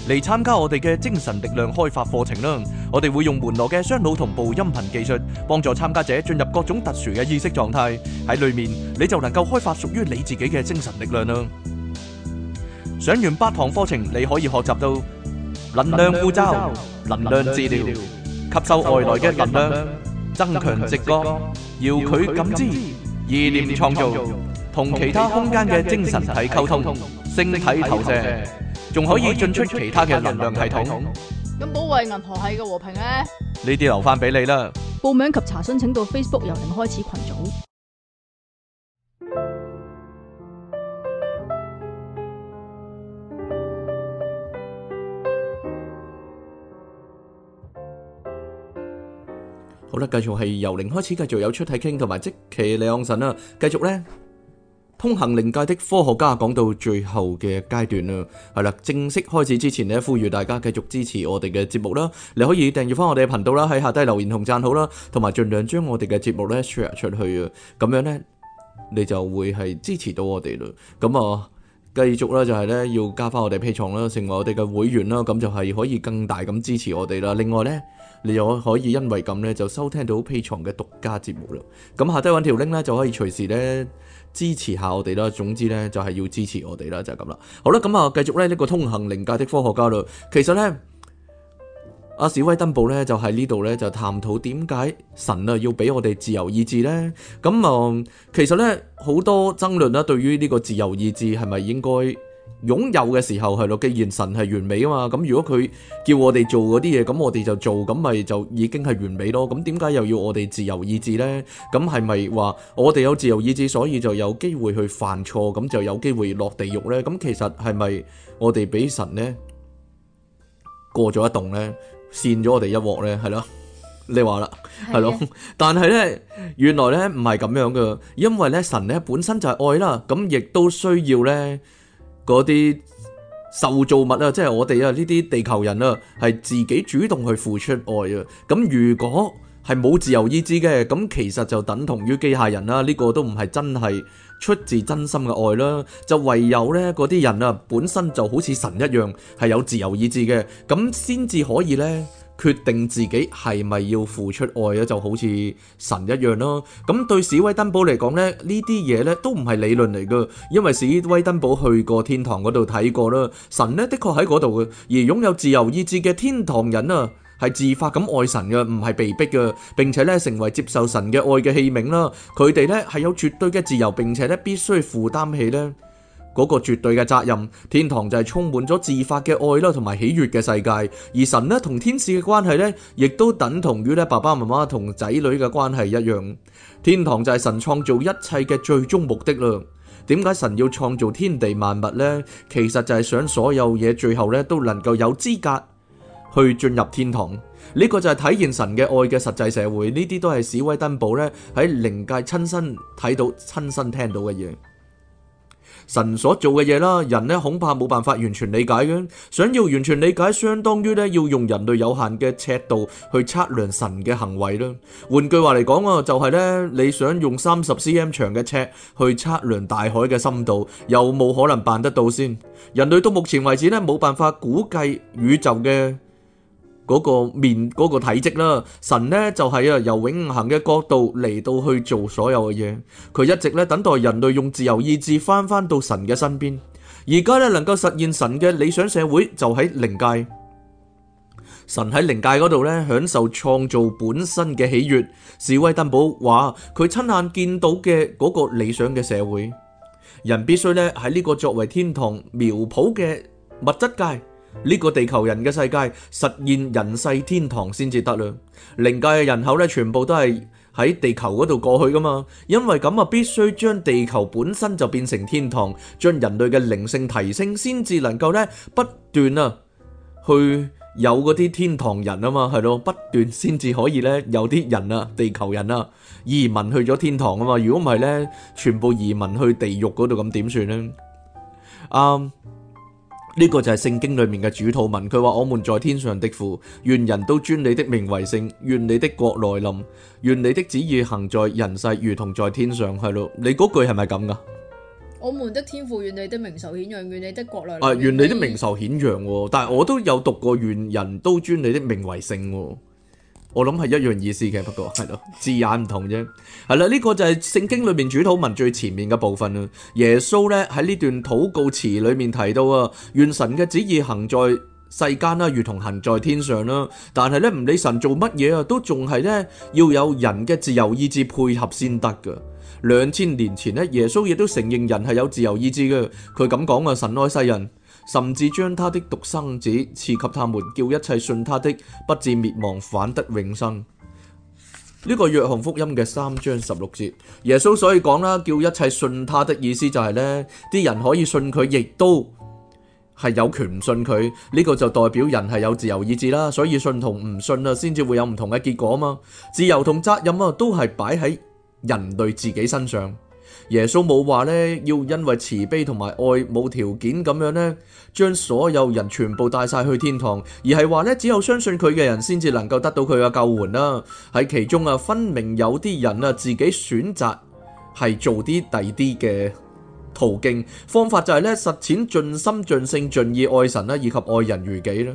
嚟參加我哋嘅精神力量開發課程啦！我哋會用門羅嘅雙腦同步音頻技術，幫助參加者進入各種特殊嘅意識狀態。喺裏面你就能夠開發屬於你自己嘅精神力量啦。上完八堂課程，你可以學習到能量護罩、能量治療、吸收外來嘅能量、增強直覺。要佢感知，意念創造，同其他空間嘅精神體溝通，星體投射，仲可以進出其他嘅能量系統。咁保衛銀河系嘅和平咧？呢啲留翻俾你啦。報名及查詢請到 Facebook 由零開始群組。好啦，繼續係由零開始，繼續有出體傾同埋即其兩神啦。繼續呢，通行靈界的科學家講到最後嘅階段啦。係啦，正式開始之前呢，呼籲大家繼續支持我哋嘅節目啦。你可以訂閱翻我哋嘅頻道啦，喺下低留言同讚好啦，同埋盡量將我哋嘅節目呢 share 出去啊。咁樣呢，你就會係支持到我哋啦。咁啊，繼續咧就係呢，要加翻我哋 Patreon 啦，成為我哋嘅會員啦，咁就係可以更大咁支持我哋啦。另外呢。你又可以因為咁咧，就收聽到 Patreon 嘅獨家節目啦。咁、嗯、下低揾條 link 咧，就可以隨時咧支持下我哋啦。總之咧，就係、是、要支持我哋啦，就係咁啦。好啦，咁、嗯、啊，繼續咧呢、這個通行靈界的科學家度，其實咧，阿、啊、史威登堡咧就喺呢度咧就探討點解神啊要俾我哋自由意志咧。咁、嗯、啊，其實咧好多爭論啦，對於呢個自由意志係咪應該擁有嘅時候係咯，既然神係完美啊嘛，咁如果佢叫我哋做嗰啲嘢，咁我哋就做，咁咪就已經係完美咯。咁點解又要我哋自由意志咧？咁係咪話我哋有自由意志，所以就有機會去犯錯，咁就有機會落地獄咧？咁其實係咪我哋俾神咧過咗一戙咧，扇咗我哋一鑊咧？係咯，你話啦，係咯，但係咧，原來咧唔係咁樣㗎，因為咧神咧本身就係愛啦，咁亦都需要咧。嗰啲受造物啊，即係我哋啊呢啲地球人啊，係自己主動去付出愛啊。咁如果係冇自由意志嘅，咁其實就等同於機械人啦。呢個都唔係真係出自真心嘅愛啦。就唯有呢嗰啲人啊，本身就好似神一樣，係有自由意志嘅，咁先至可以呢。決定自己係咪要付出愛咧，就好似神一樣咯。咁對史威登堡嚟講呢，呢啲嘢呢都唔係理論嚟㗎，因為史威登堡去過天堂嗰度睇過啦。神呢的確喺嗰度嘅，而擁有自由意志嘅天堂人啊，係自發咁愛神嘅，唔係被逼嘅。並且呢成為接受神嘅愛嘅器皿啦。佢哋呢係有絕對嘅自由，並且呢必須負擔起呢，嗰個絕對嘅責任，天堂就係充滿咗自發嘅愛啦，同埋喜悅嘅世界。而神咧同天使嘅關係呢，亦都等同於咧爸爸媽媽同仔女嘅關係一樣。天堂就係神創造一切嘅最終目的啦。點解神要創造天地萬物呢？其實就係想所有嘢最後呢，都能夠有資格去進入天堂。呢、呢個就係體現神嘅愛嘅實際社會。呢啲都係史威登堡呢，喺靈界親身睇到、親身聽到嘅嘢。神所做嘅嘢啦，人咧恐怕冇辦法完全理解嘅。想要完全理解，相當於咧要用人類有限嘅尺度去測量神嘅行為啦。換句話嚟講啊，就係咧你想用三十 cm 長嘅尺去測量大海嘅深度，有冇可能辦得到先？人類到目前為止咧冇辦法估計宇宙嘅。嗰個面嗰個體積啦，神咧就係啊由永恆嘅角度嚟到，去做所有嘅嘢，佢一直咧等待人類用自由意志翻翻到神嘅身邊。而家咧能夠實現神嘅理想社會就喺靈界，神喺靈界嗰度咧享受創造本身嘅喜悅。史威登堡話佢親眼見到嘅嗰個理想嘅社會，人必須咧喺呢個作為天堂苗圃嘅物質界。呢個地球人嘅世界實現人世天堂先至得啦，靈界嘅人口咧全部都係喺地球嗰度過去噶嘛，因為咁啊必須將地球本身就變成天堂，將人類嘅靈性提升先至能夠咧不斷啊去有嗰啲天堂人啊嘛，係咯，不斷先至可以咧有啲人啊地球人啊移民去咗天堂啊嘛，如果唔係咧全部移民去地獄嗰度咁點算呢？啱，um。呢個就係聖經裏面嘅主禱文，佢話我們在天上的父，願人都尊你的名為聖，願你的國來臨，願你的旨意行在人世，如同在天上。係咯，你嗰句係咪咁噶？我們的天父，願你的名受顯揚，願你的國來臨，啊，願你的名受顯揚。但係我都有讀過，願人都尊你的名為聖。我諗係一樣意思嘅，不過係咯，字眼唔同啫。係啦，呢個就係聖經裏面主禱文最前面嘅部分啦。耶穌咧喺呢段禱告詞裏面提到啊，願神嘅旨意行在世間啦，如同行在天上啦。但係咧唔理神做乜嘢啊，都仲係咧要有人嘅自由意志配合先得嘅。兩千年前咧，耶穌亦都承認人係有自由意志嘅。佢咁講啊，神愛世人。甚至將他的獨生子賜給他們，叫一切信他的不至滅亡，反得永生。呢、這個約翰福音嘅三章十六節，耶穌所以講啦，叫一切信他的意思就係、是、咧，啲人可以信佢，亦都係有權唔信佢。呢、這個就代表人係有自由意志啦，所以信同唔信啊，先至會有唔同嘅結果嘛。自由同責任啊，都係擺喺人類自己身上。耶穌冇話呢，要因為慈悲同埋愛冇條件咁樣呢，將所有人全部帶晒去天堂，而係話呢，只有相信佢嘅人先至能夠得到佢嘅救援啦。喺其中啊，分明有啲人啊，自己選擇係做啲第啲嘅途徑方法就盡盡，就係呢，實踐盡心盡性盡意愛神啦，以及愛人如己啦。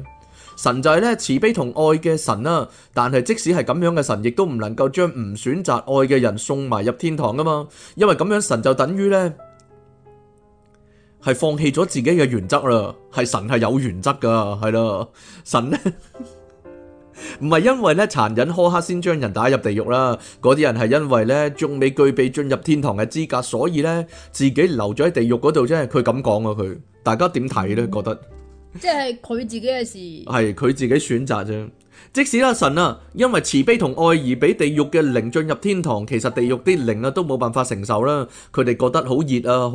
神就係咧慈悲同愛嘅神啦，但係即使係咁樣嘅神，亦都唔能夠將唔選擇愛嘅人送埋入天堂噶嘛，因為咁樣神就等於咧係放棄咗自己嘅原則啦，係神係有原則噶，係啦，神咧唔係 *laughs* 因為咧殘忍苛刻先將人打入地獄啦，嗰啲人係因為咧仲未具備進入天堂嘅資格，所以咧自己留咗喺地獄嗰度即係，佢咁講啊佢，大家點睇咧？覺得？即係佢自己嘅事，係佢自己選擇啫。即使阿、啊、神啊，因為慈悲同愛而俾地獄嘅靈進入天堂，其實地獄啲靈啊都冇辦法承受啦。佢哋覺得好熱啊，好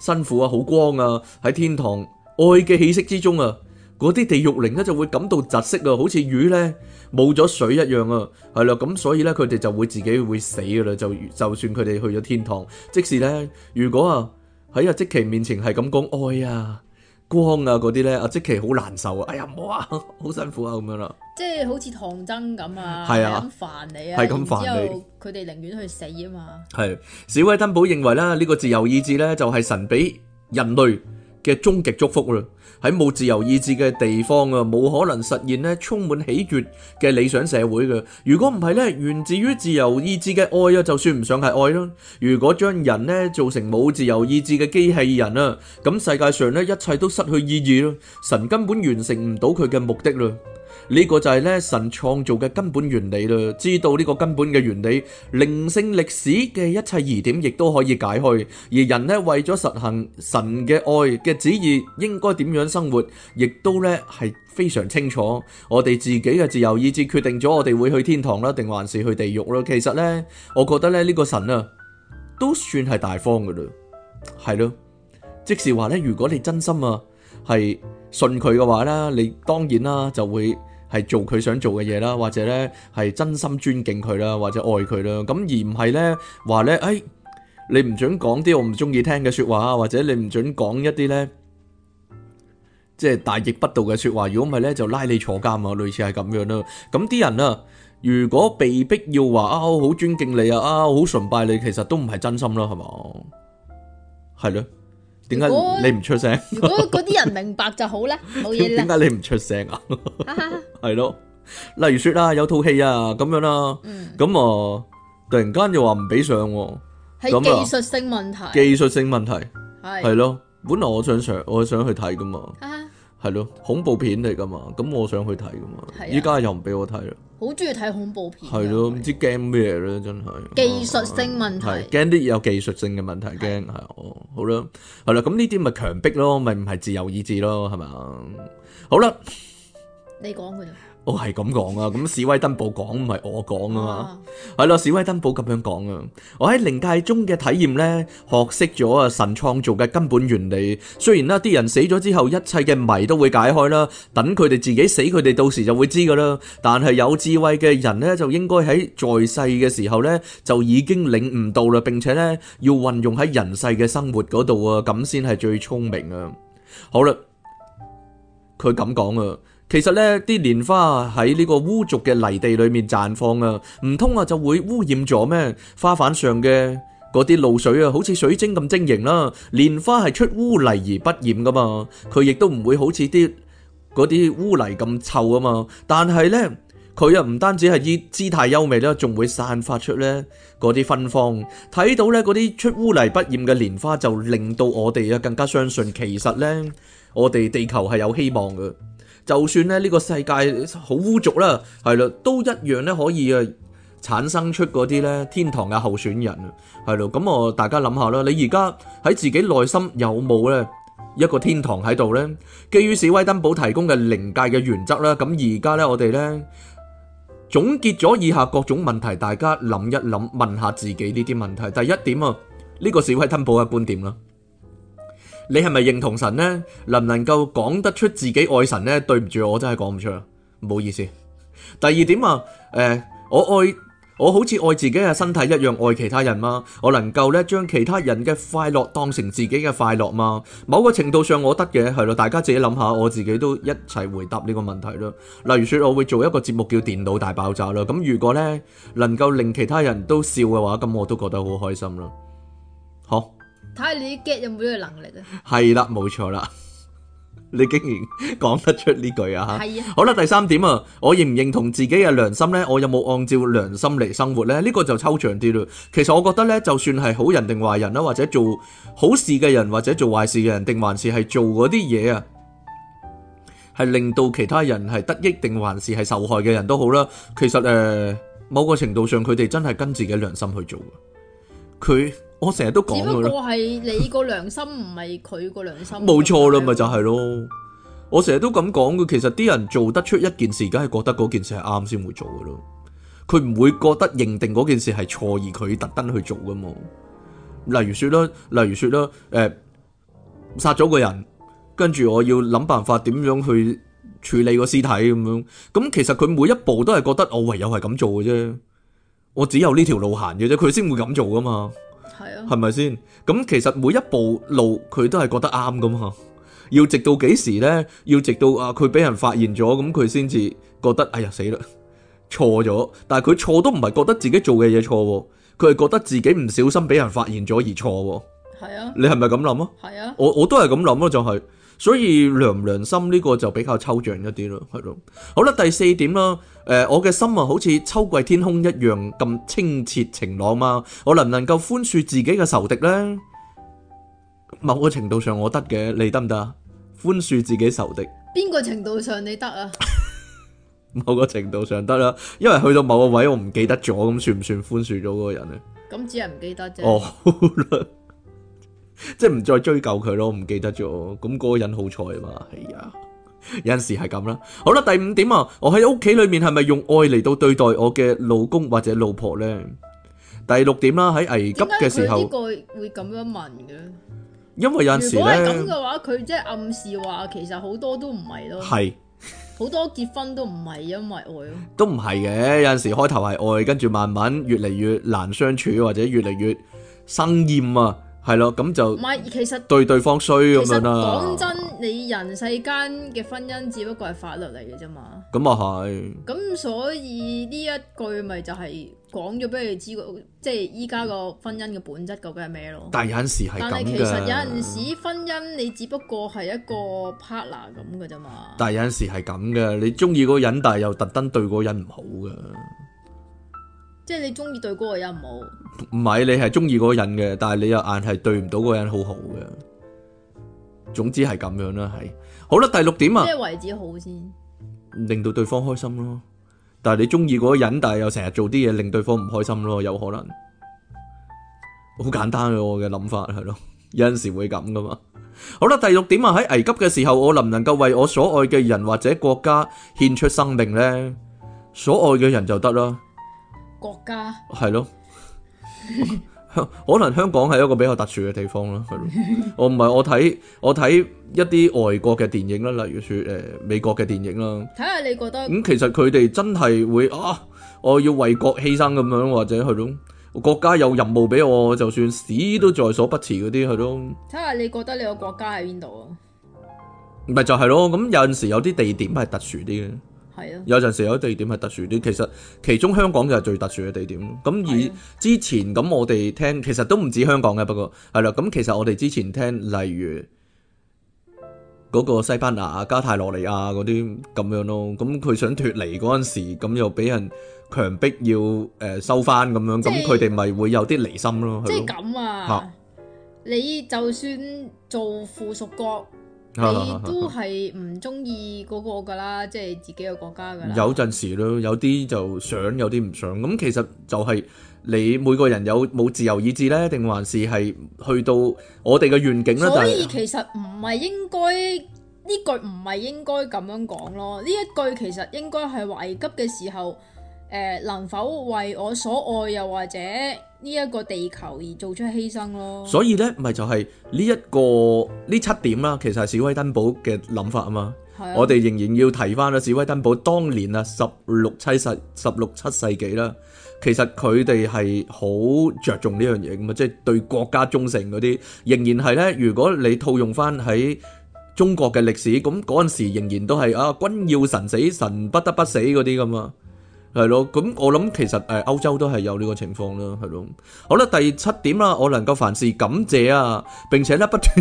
辛苦啊，好光啊。喺天堂愛嘅氣息之中啊，嗰啲地獄靈咧就會感到窒息啊，好似魚呢冇咗水一樣啊。係咯，咁所以呢，佢哋就會自己會死噶啦。就就算佢哋去咗天堂，即使呢，如果啊喺阿、啊、即奇面前係咁講愛啊。光啊嗰啲咧，阿即奇好難受、哎、啊！哎呀，唔好啊，好辛苦啊，咁樣啦、啊，即係好似唐僧咁啊，咁煩、啊、你啊，因為佢哋寧願去死啊嘛。係，史威登堡認為咧，呢、這個自由意志咧就係、是、神俾人類。嘅終極祝福啦，喺冇自由意志嘅地方啊，冇可能實現呢充滿喜悅嘅理想社會嘅。如果唔係呢，源自於自由意志嘅愛啊，就算唔上係愛啦。如果將人呢做成冇自由意志嘅機器人啊，咁世界上呢一切都失去意義啦。神根本完成唔到佢嘅目的啦。呢個就係咧，神創造嘅根本原理啦，知道呢個根本嘅原理，靈性歷史嘅一切疑點亦都可以解開，而人咧，為咗實行神嘅愛嘅旨意，應該點樣生活，亦都咧，係非常清楚。我哋自己嘅自由意志決定咗我哋會去天堂啦，定還是去地獄啦？其實咧，我覺得咧呢個神啊，都算係大方噶啦，係咯。即是話咧，如果你真心啊係信佢嘅話咧，你當然啦就會。係做佢想做嘅嘢啦，或者咧係真心尊敬佢啦，或者愛佢啦，咁而唔係咧話咧，誒、哎，你唔准講啲我唔中意聽嘅說話，或者你唔准講一啲咧，即係大逆不道嘅說話，如果唔係咧就拉你坐監啊，類似係咁樣咯。咁啲人啊，如果被逼要話啊，我好尊敬你啊，啊，我好崇拜你，其實都唔係真心咯，係嘛，係咯。點解你唔出聲？如果嗰啲人明白就好啦，冇嘢啦。點解你唔出聲啊？係咯，例如說啦，有套戲啊，咁樣啦，嗯，咁啊，突然間又話唔俾上，係技術性問題。技術性問題，係，係咯，本來我想上，我想去睇噶嘛。係咯，恐怖片嚟噶嘛，咁我想去睇噶嘛，依家的又唔俾我睇啦。好中意睇恐怖片。係咯，唔知驚咩咧，真係技術性問題。係驚啲有技術性嘅問題驚係，哦的好啦，係啦，咁呢啲咪強迫咯，咪唔係自由意志咯，係咪啊？好啦，你講佢就。我係咁講啊，咁史威登堡講唔係我講啊嘛，係咯，史威登堡咁樣講啊。我喺靈界中嘅體驗咧，學識咗啊神創造嘅根本原理。雖然咧啲人死咗之後，一切嘅謎都會解開啦，等佢哋自己死，佢哋到時就會知噶啦。但係有智慧嘅人咧，就應該喺在世嘅時候咧就已經領悟到啦，並且咧要運用喺人世嘅生活嗰度啊，咁先係最聰明啊。好啦，佢咁講啊。其實咧，啲蓮花喺呢個污濁嘅泥地裏面綻放啊，唔通啊就會污染咗咩？花瓣上嘅嗰啲露水啊，好似水晶咁晶瑩啦、啊。蓮花係出污泥而不染噶嘛，佢亦都唔會好似啲嗰啲污泥咁臭啊嘛。但係呢，佢又唔單止係以姿態優美啦，仲會散發出呢嗰啲芬芳。睇到呢嗰啲出污泥不染嘅蓮花，就令到我哋啊更加相信，其實呢，我哋地球係有希望嘅。就算咧呢個世界好污濁啦，係咯，都一樣咧可以啊產生出嗰啲咧天堂嘅候選人，係咯。咁我，大家諗下啦。你而家喺自己內心有冇咧一個天堂喺度咧？基於史威登堡提供嘅靈界嘅原則啦，咁而家咧我哋咧總結咗以下各種問題，大家諗一諗，問下自己呢啲問題。第一點啊，呢個史威登堡嘅觀點啦。你係咪認同神呢？能唔能夠講得出自己愛神呢？對唔住，我真係講唔出，唔好意思。第二點啊，誒、欸，我愛我好似愛自己嘅身體一樣愛其他人嗎？我能夠咧將其他人嘅快樂當成自己嘅快樂嗎？某個程度上我得嘅係咯，大家自己諗下，我自己都一齊回答呢個問題啦。例如說我會做一個節目叫《電腦大爆炸》啦，咁如果呢能夠令其他人都笑嘅話，咁我都覺得好開心啦。好。睇下你啲 get 有冇呢個能力啊！係啦，冇錯啦，你竟然講得出呢句啊！係啊的，好啦，第三點啊，我認唔認同自己嘅良心呢？我有冇按照良心嚟生活呢？呢、這個就抽象啲咯。其實我覺得呢，就算係好人定壞人啦，或者做好事嘅人，或者做壞事嘅人，定還是係做嗰啲嘢啊，係令到其他人係得益定還是係受害嘅人都好啦。其實誒、呃，某個程度上，佢哋真係跟自己良心去做，佢。我成日都講噶啦，只不過係你個良心唔係佢個良心，冇錯啦，咪錯 *laughs* 就係咯。我成日都咁講噶，其實啲人做得出一件事，梗係覺得嗰件事係啱先會做嘅咯。佢唔會覺得認定嗰件事係錯而佢特登去做噶嘛？例如說啦，例如說啦，誒、欸，殺咗個人，跟住我要諗辦法點樣去處理個屍體咁樣。咁其實佢每一步都係覺得我唯有係咁做嘅啫，我只有呢條路行嘅啫，佢先會咁做噶嘛。係咪先？咁其實每一步路佢都係覺得啱咁吓， *laughs* 要直到幾時呢？要直到啊，佢俾人發現咗，咁佢先至覺得哎呀死啦，錯咗。但係佢錯都唔係覺得自己做嘅嘢錯，佢係覺得自己唔小心俾人發現咗而錯。係啊，你係咪咁諗啊？係啊，我我都係咁諗咯，就係、是。所以良唔良心呢個就比較抽象一啲咯，係咯。好啦，第四點啦，誒、呃，我嘅心啊，好似秋季天空一樣咁清澈晴朗啊嘛，我能唔能夠寬恕自己嘅仇敵呢？某個程度上我得嘅，你得唔得啊？寬恕自己仇敵？邊個程度上你得啊？ *laughs* 某個程度上得啦、啊，因為去到某個位我唔記得咗，咁算唔算寬恕咗嗰個人呢？咁只係唔記得啫。哦、oh, *laughs* 即係唔再追究佢咯，唔記得咗。咁嗰個人好彩啊嘛，係啊。有陣時係咁啦。好啦，第五點啊，我喺屋企裏面係咪用愛嚟到對待我嘅老公或者老婆咧？第六點啦，喺危急嘅時候，點解佢呢個會咁樣問嘅？因為有陣時咧，如果係咁嘅話，佢即係暗示話，其實好多都唔係咯。係好是 *laughs* 多結婚都唔係因為愛咯。都唔係嘅，有陣時開頭係愛，跟住慢慢越嚟越難相處，或者越嚟越生厭啊。係咯，咁就唔係，其實對對方衰咁樣啦。其實講真，你人世間嘅婚姻只不過係法律嚟嘅啫嘛。咁啊係。咁所以呢一句咪就係講咗俾你知，即係依家個婚姻嘅本質究竟係咩咯？但係有陣時係咁嘅。但係其實有陣時婚姻你只不過係一個 partner 咁嘅啫嘛。但係有陣時係咁嘅，你中意嗰個人，但係又特登對嗰個人唔好嘅。即係你中意對嗰個人唔好，唔係你係中意嗰個人嘅，但係你又硬係對唔到嗰個人好好嘅。總之係咁樣啦，係好啦。第六點啊，即係為止好先，令到對方開心咯。但係你中意嗰個人，但係又成日做啲嘢令對方唔開心咯，有可能。好簡單嘅，我嘅諗法係咯，有陣時會咁㗎嘛。好啦，第六點啊，喺危急嘅時候，我能唔能夠為我所愛嘅人或者國家獻出生命咧？所愛嘅人就得啦。國家係咯，了 *laughs* 可能香港係一個比較特殊嘅地方啦，係咯。 *laughs* 我唔係我睇我睇一啲外國嘅電影啦，例如說誒、呃、美國嘅電影啦。睇下你覺得咁、嗯，其實佢哋真係會啊，我要為國犧牲咁樣，或者係咯國家有任務俾我，就算死都在所不辭嗰啲係咯。睇下你覺得你個國家喺邊度啊？咪就係咯，咁有陣時有啲地點係特殊啲嘅。係咯，有陣時有啲地點係特殊啲，其實其中香港就係最特殊嘅地點。咁而之前咁，我哋聽其實都唔止香港嘅，不過係啦。咁其實我哋之前聽例如嗰個西班牙、加泰羅尼亞嗰啲咁樣咯。咁佢想脫離嗰陣時，咁又俾人強迫要誒收翻咁樣，咁佢哋咪會有啲離心咯。即係咁啊！啊你就算做附屬國。你都係唔中意嗰個㗎啦，即係自己嘅國家㗎啦。有陣時咯，有啲就想，有啲唔想。咁其實就係你每個人有冇自由意志呢？定還是係去到我哋嘅願景呢？所以其實唔係應該呢 *laughs* 句唔係應該咁樣講咯。呢一句其實應該係危急嘅時候。誒，能否為我所愛又或者呢一個地球而做出犧牲咯？所以咧，咪就係呢一個呢七點啦，其實係史威登堡嘅諗法啊嘛。係啊，我哋仍然要提翻啦，史威登堡當年啊，十六七世十六七世紀啦，其實佢哋係好着重呢樣嘢咁嘛，即係對國家忠誠嗰啲，仍然係咧。如果你套用翻喺中國嘅歷史，咁嗰陣時仍然都係啊，君要臣死，臣不得不死嗰啲咁啊。係咯，咁我諗其實誒，歐洲都係有呢個情況啦，係咯。好啦，第七點啦，我能夠凡事感謝啊，並且咧不斷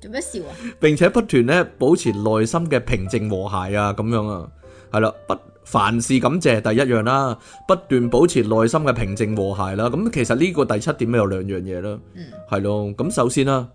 做咩笑啊，並且不斷咧保持內心嘅平靜和諧啊，咁樣啊，係啦，係凡事感謝第一樣啦，不斷保持內心嘅平靜和諧啦。咁其實呢個第七點有兩樣嘢啦，嗯，係咯，咁首先啦。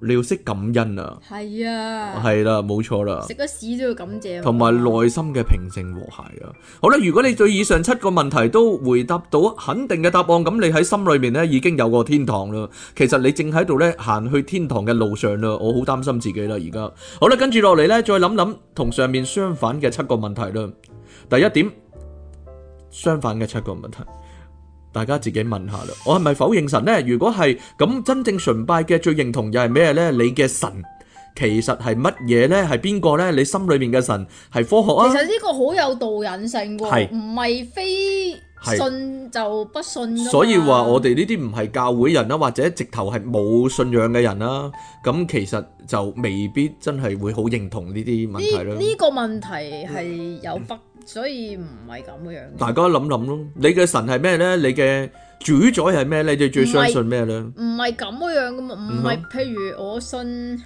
你要識感恩啊！係啊，係啦，冇錯啦，食咗屎都要感謝啊。同埋內心嘅平靜和諧啊！好啦，如果你對以上七個問題都回答到肯定嘅答案，咁你喺心裏面咧已經有個天堂啦。其實你正喺度咧行去天堂嘅路上啦。我好擔心自己啦，而家好啦，跟住落嚟咧，再諗諗同上面相反嘅七個問題啦。第一點，相反嘅七個問題。大家自己問下啦，我係咪否認神呢？如果係咁，真正崇拜嘅最認同又係咩呢？你嘅神其實係乜嘢呢？係邊個呢？你心裏面嘅神係科學啊？其實呢個好有導引性喎，唔係非信就不信。所以話我哋呢啲唔係教會人啦，或者直頭係冇信仰嘅人啦，咁其實就未必真係會好認同呢啲問題啦。呢個問題係有不？所以唔係咁嘅樣，大家諗諗咯。你嘅神係咩咧？你嘅主宰係咩咧？你最相信咩咧？唔係咁嘅樣噶嘛？唔係，譬如我信，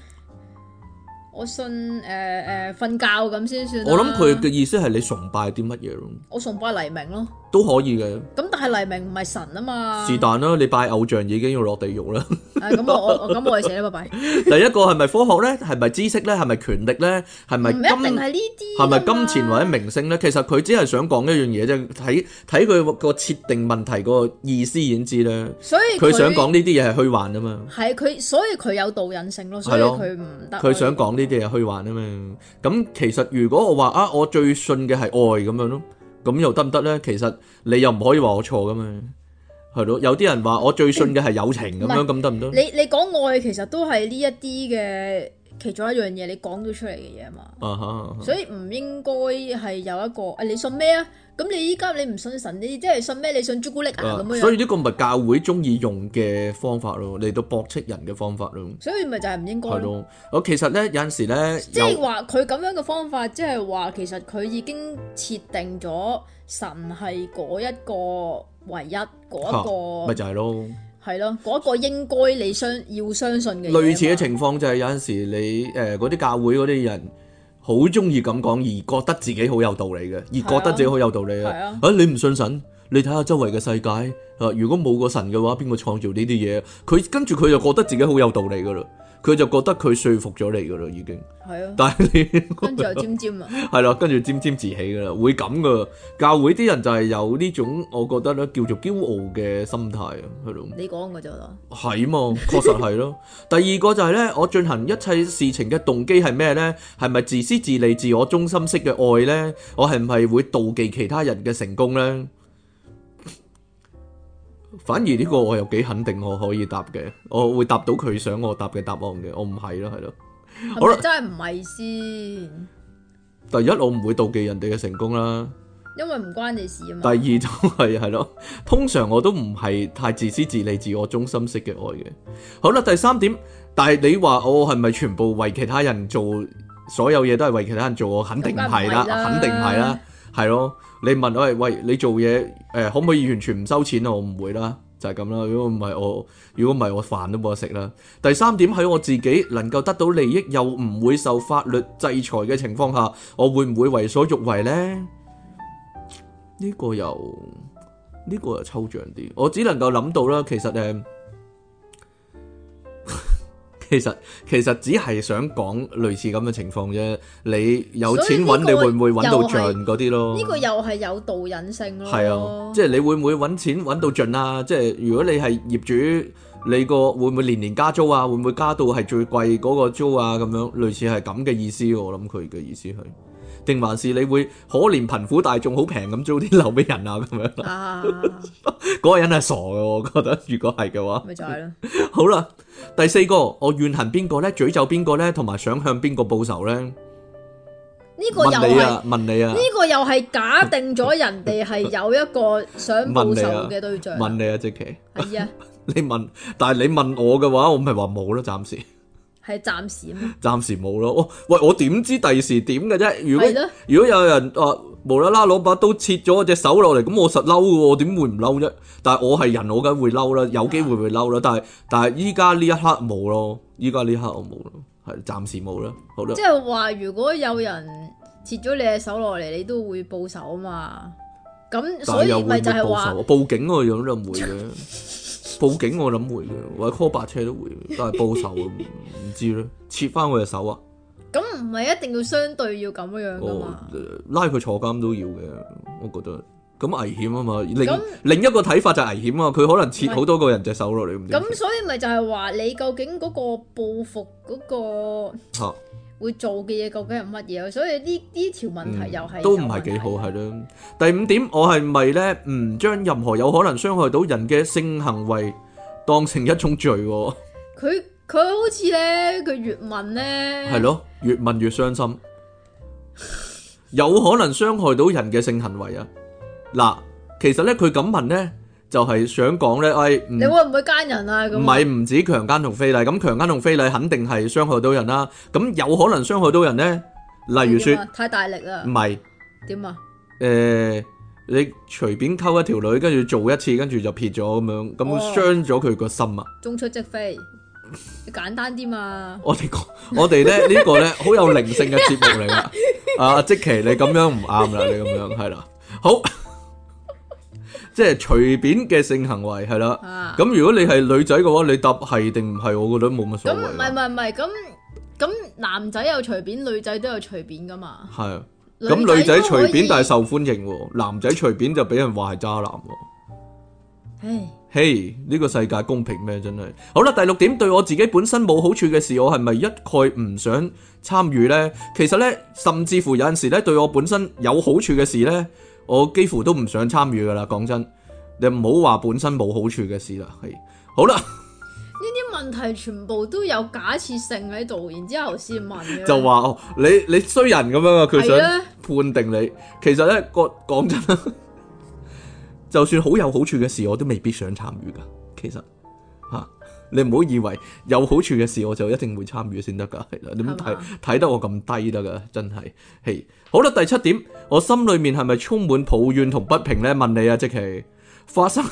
我信誒誒，呃呃，瞓覺咁先算啊。我諗佢嘅意思係你崇拜啲乜嘢咯？我崇拜黎明咯，都可以嘅。咁但係黎明唔係神啊嘛？是但咯，你拜偶像已經要落地獄啦。 *laughs* 咁、 *laughs* 啊、我我咁我嚟寫啦，拜，拜 *laughs* 第一個係咪科學咧？係咪知識咧？係咪權力咧？係咪唔一定係呢啲？係咪金錢或者明星咧？其實佢只係想講一樣嘢啫，睇睇佢個設定問題個意思已經知啦。所以佢想講呢啲嘢係虛幻啊嘛。係佢，所以佢有導引性咯，所以佢唔得。佢的想講呢啲嘢係虛幻啊嘛。咁、嗯、其實如果我話啊，我最信嘅係愛咁樣咯，咁又得唔得咧？其實你又唔可以話我錯噶嘛。係咯，有啲人話我最信嘅係友情咁、嗯、樣，咁得唔得？你你講愛其實都係呢一啲嘅其中一樣嘢，你講咗出嚟嘅嘢嘛？啊哈、uh！Huh, uh huh. 所以唔應該係有一個誒、啊，你信咩啊？咁你依家你唔信神你即係信咩？你信朱古力啊？咁、uh huh, 樣。所以呢個咪教會中意用嘅方法咯，嚟到駁斥人嘅方法咯。所以咪就係唔應該係咯，我其實咧有陣時咧，即係話佢咁樣嘅方法，即係話其實佢已經設定咗神係嗰、那、一個。唯一嗰個咪、啊、就係、係、咯，係咯，嗰個應該你相要相信嘅。類似嘅情況就係有陣時你誒嗰啲教會嗰啲人好中意咁講，而覺得自己好有道理嘅，而覺得自己好有道理嘅。啊，啊，你唔信神，你睇下周圍嘅世界，啊，如果冇個神嘅話，邊個創造呢啲嘢？佢跟住佢就覺得自己好有道理噶啦。佢就覺得佢說服咗你噶啦，已經係啊，但係你跟住又沾沾啊，係啦，跟住沾沾自喜噶啦，會咁噶。教會啲人就係有呢種我覺得咧叫做驕傲嘅心態啊，係咯，你講噶咋咯，係啊嘛，確實係咯。第二個就係咧，我進行一切事情嘅動機係咩咧？係咪自私自利、自我中心式嘅愛咧？我係唔係會妒忌其他人嘅成功咧？反而呢個我又幾肯定我可以答嘅，我會答到佢想我答嘅答案嘅，我唔係咯，係咯，係咪真係唔係先？第一，我唔會妒忌人哋嘅成功啦，因為唔關你事啊嘛。第二就係係咯，通常我都唔係太自私自利、自我中心式嘅愛嘅。好啦，第三點，但係你話我係咪全部為其他人做，所有嘢都係為其他人做？我肯定唔係啦，肯定唔係啦。係咯，你問我喂，你做嘢，誒、呃，可唔可以完全唔收錢啊？我唔會啦，就係、是、咁啦。如果唔係我，如果唔係我，飯都冇得食啦。第三點喺我自己能夠得到利益又唔會受法律制裁嘅情況下，我會唔會為所欲為呢？呢、這個又呢、這個又抽象啲，我只能夠諗到啦。其實誒。嗯其實其實只係想講類似咁嘅情況啫，你有錢搵，你會唔會搵到盡嗰啲咯？呢個又係有導引性咯。係啊，即係你會唔會搵錢搵到盡啊？即係如果你係業主，你個會唔會年年加租啊？會唔會加到係最貴嗰個租啊？咁樣類似係咁嘅意思，我諗佢嘅意思係。定還是你會可憐貧苦大眾，好平咁做啲留俾人啊，咁樣咯。嗰個人係傻嘅，我覺得如果係嘅話。咪就係咯。好啦，第四個，我怨恨邊個咧？詛咒邊個咧？同埋想向邊個報仇咧？呢個又係問你啊？呢個又係假定咗人哋係有一個想報仇嘅對象。問你啊，直琪。係啊。你問，但係你問我嘅話，我咪話冇咯，暫時。係暫時咯，暫時冇咯。我、哦、喂，我點知第二時點嘅啫？如果的如果有人誒無啦啦攞把刀切咗我隻手落嚟，咁我實嬲㗎，我點會唔嬲啫？但係我係人，我梗會嬲啦，有機會會嬲啦。但係但係依家呢一刻冇咯，依家呢一刻我冇咯，係暫時冇啦。好啦，即係話如果有人切咗你隻手落嚟，你都會報仇啊嘛？咁所以咪就係話報警嗰樣都唔會嘅。 *laughs* 報警我諗會嘅，或者 call 白車都會，都係報仇，唔 *laughs* 知咧，切翻佢隻手啊！咁唔係一定要相對要咁樣噶，拉、呃、佢坐監都要嘅，我覺得咁危險啊嘛。另、嗯、另一個睇法就危險啊，佢可能切好多個人隻手落嚟。你唔知。咁是所以咪就係話你究竟嗰個報復嗰、嗰個？啊會做嘅嘢究竟係乜嘢？所以呢，呢條問題又係嘅。都唔係幾好，係囉 *laughs* 就係想講咧，我、哎嗯、你會唔會奸人啊？唔係，唔止強奸同非禮，咁強奸同非禮肯定係傷害到人啦、啊。咁有可能傷害到人咧，例如説太大力啦，唔係點啊？誒、呃，你隨便溝一條女，跟住做一次，跟住就撇咗咁樣，咁傷咗佢個心啊、哦！中出即飛，簡單啲嘛。 *laughs* 我哋講，我哋咧呢、這個咧好有靈性嘅節目嚟㗎。阿積 *laughs* 啊、奇，你咁樣唔啱啦，你咁樣係啦，好。即係隨便嘅性行為係啦，咁、啊、如果你係女仔嘅話，你答係定唔係？我覺得冇乜所謂。咁唔係唔係咁咁男仔有隨便，女仔都有隨便㗎嘛？係啊，咁女仔隨便但係受歡迎喎，男仔隨便就俾人話係渣男喎。唉，嘿，呢個世界公平咩？真係。好啦，第六點，對我自己本身冇好處嘅事，我係咪一概唔想參與呢？其實呢，甚至乎有陣時呢，對我本身有好處嘅事呢。我幾乎都唔想參與㗎啦，講真，你唔好話本身冇好處嘅事啦，係好啦。呢啲問題全部都有假設性喺度，然之後先問嘅。就話、哦、你你衰人咁樣啊，佢想判定你。的其實咧，講講真， *laughs* 就算好有好處嘅事，我都未必想參與㗎。其實吓。啊你唔好以為有好處嘅事我就一定會參與，先得㗎，你睇睇得我咁低得㗎，真係，係、hey. 好啦。第七點，我心裏面係咪充滿抱怨同不平咧？問你啊，即係發生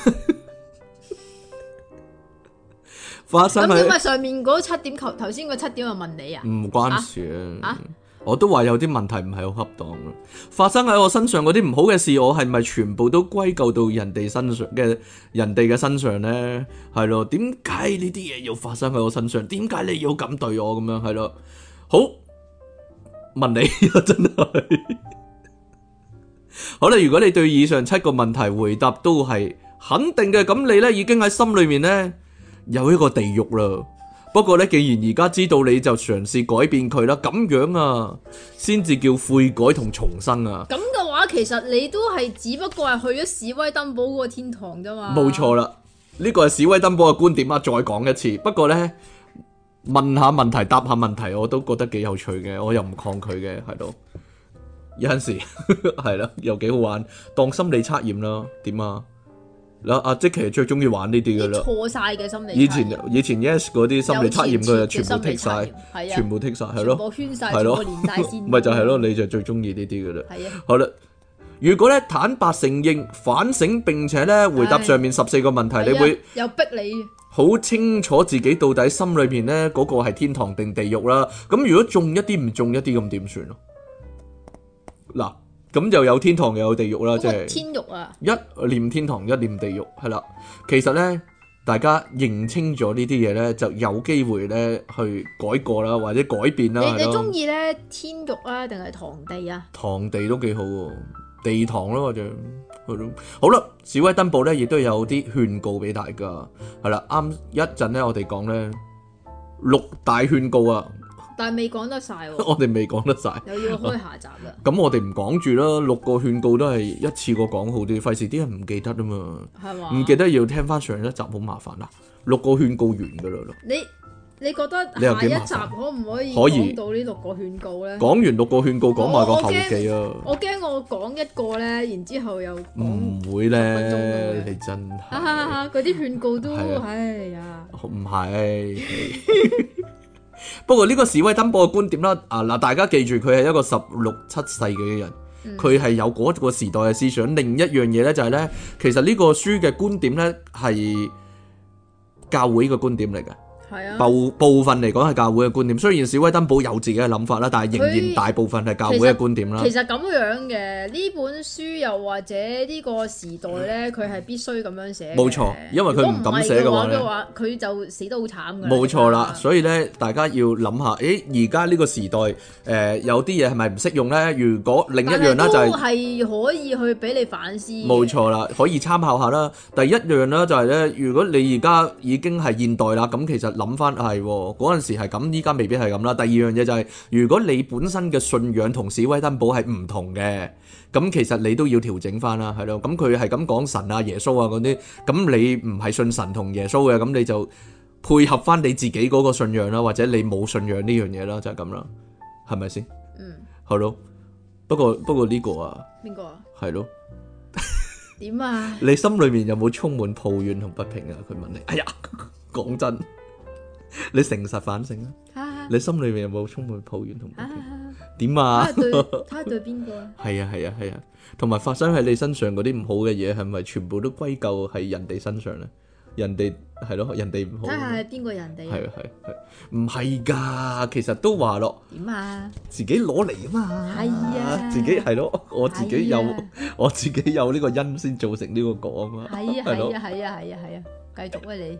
發生咁，點解上面嗰七點頭頭先個七點又問你啊，唔關事啊。啊啊我都話有啲問題唔係好恰當咯。發生喺我身上嗰啲唔好嘅事，我係咪全部都歸咎到人哋身上嘅人哋嘅身上呢？係咯？點解呢啲嘢又發生喺我身上？點解你要咁對我咁樣？係咯？好問你真係。 *laughs* 好啦，如果你對以上七個問題回答都係肯定嘅，咁你呢已經喺心裏面呢，有一個地獄啦。不過咧，既然而家知道，你就嘗試改變佢啦，咁樣啊，先至叫悔改同重生啊。咁嘅話，其實你都係只不過係去咗史威登堡嗰個天堂啫嘛。冇錯啦，呢個係史威登堡嘅觀點啊。再講一次，不過咧，問下問題，答下問題，我都覺得幾有趣嘅，我又唔抗拒嘅係咯。有陣時係啦， *laughs* 又幾好玩，當心理測驗啦，點啊？嗱，阿即其實最中意玩呢啲噶啦，錯晒嘅心理。以前以前 yes 嗰啲心理測驗佢就全部剔晒，全部剔晒，係咯，圈晒，係咯，咪就係咯，你就最中意呢啲噶啦。係啊。好啦，如果咧坦白承認、反省並且咧回答上面十四個問題，你會有逼你？好清楚自己到底心裏邊咧嗰個係天堂定地獄啦。咁如果中一啲唔中一啲咁點算咯？嗱。咁就有天堂又有地獄啦，即係天獄啊！一念天堂，一念地獄，係啦。其實咧，大家認清咗呢啲嘢咧，就有機會咧去改過啦，或者改變啦。你你中意咧天獄啊，定係堂地啊？堂地都幾好，地堂咯，或者係咯好啦。史威登堡咧，亦都有啲勸告俾大家，係啦。啱一陣咧，我哋講咧六大勸告啊！但係未講得晒，我哋未講得晒，又要開下集啦。咁我哋唔講住啦，六個勸告都係一次過講好啲，費事啲人唔記得啊嘛。係嘛？唔記得要聽翻上一集好麻煩啦。六個勸告完噶啦咯。你你覺得下一集可唔可以講到呢六個勸告咧？講完六個勸告，講埋個後記咯。我驚我講一個咧，然之後又講唔會咧。你真係吓吓吓，嗰啲勸告都哎呀，唔係。不過呢個史威登堡嘅觀點啦，啊嗱，大家記住佢係一個十六七世紀嘅人，佢係有嗰個時代嘅思想。另一樣嘢咧就係、是、咧，其實呢個書嘅觀點咧係教會嘅觀點嚟嘅。係啊，部部分嚟講係教會嘅觀點，雖然史威登堡有自己嘅諗法啦，但係仍然大部分係教會嘅觀點啦。其實咁樣嘅呢本書又或者呢個時代咧，佢係必須咁樣寫。冇錯，因為佢唔敢寫咁樣。都唔係嘅話嘅話，佢就死得好慘嘅。冇錯啦，所以咧，大家要諗下，誒，而家呢個時代誒，有啲嘢係咪唔識用咧？如果另一樣咧就係係可以去俾你反思。冇錯啦，可以參考下啦。第一樣咧就係咧，如果你而家已經係現代啦，咁其實。諗翻係嗰陣時係咁，依家未必係咁啦。第二樣嘢就係、是，如果你本身嘅信仰同史威登堡係唔同嘅，咁其實你都要調整翻啦，係咯。咁佢係咁講神啊、耶穌啊嗰啲，咁、嗯、你唔係信神同耶穌嘅，咁、嗯、你就配合翻你自己嗰個信仰啦，或者你冇信仰呢樣嘢啦，就係咁啦，係咪先？嗯，係咯。不過不過呢個啊，邊個啊？係咯是的。點 *laughs* 啊？你心裏面有冇充滿抱怨同不平啊？佢問你。哎呀，講真。你誠實反省啦，你心裏面有冇充滿抱怨同點啊？佢對邊個啊？係啊係啊係啊，同埋發生喺你身上嗰啲唔好嘅嘢，係咪全部都歸咎喺人哋身上咧？人哋係咯，人哋唔好睇下係邊個人哋？係係係唔係噶？其實都話咯，點啊？自己攞嚟啊嘛，係啊，自己係咯，我自己有我自己有呢個因，先造成呢個果啊嘛，係啊係啊係啊係啊，繼續啊你。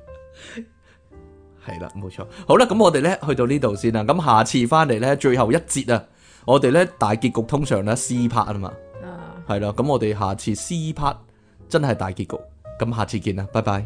係啦，冇錯。好啦，咁我哋咧去到呢度先啦。咁下次翻嚟咧，最後一節啊，我哋咧大結局通常咧 C Part 啊嘛。啊，係啦。咁我哋下次 C Part 真係大結局。咁下次見啦，拜拜。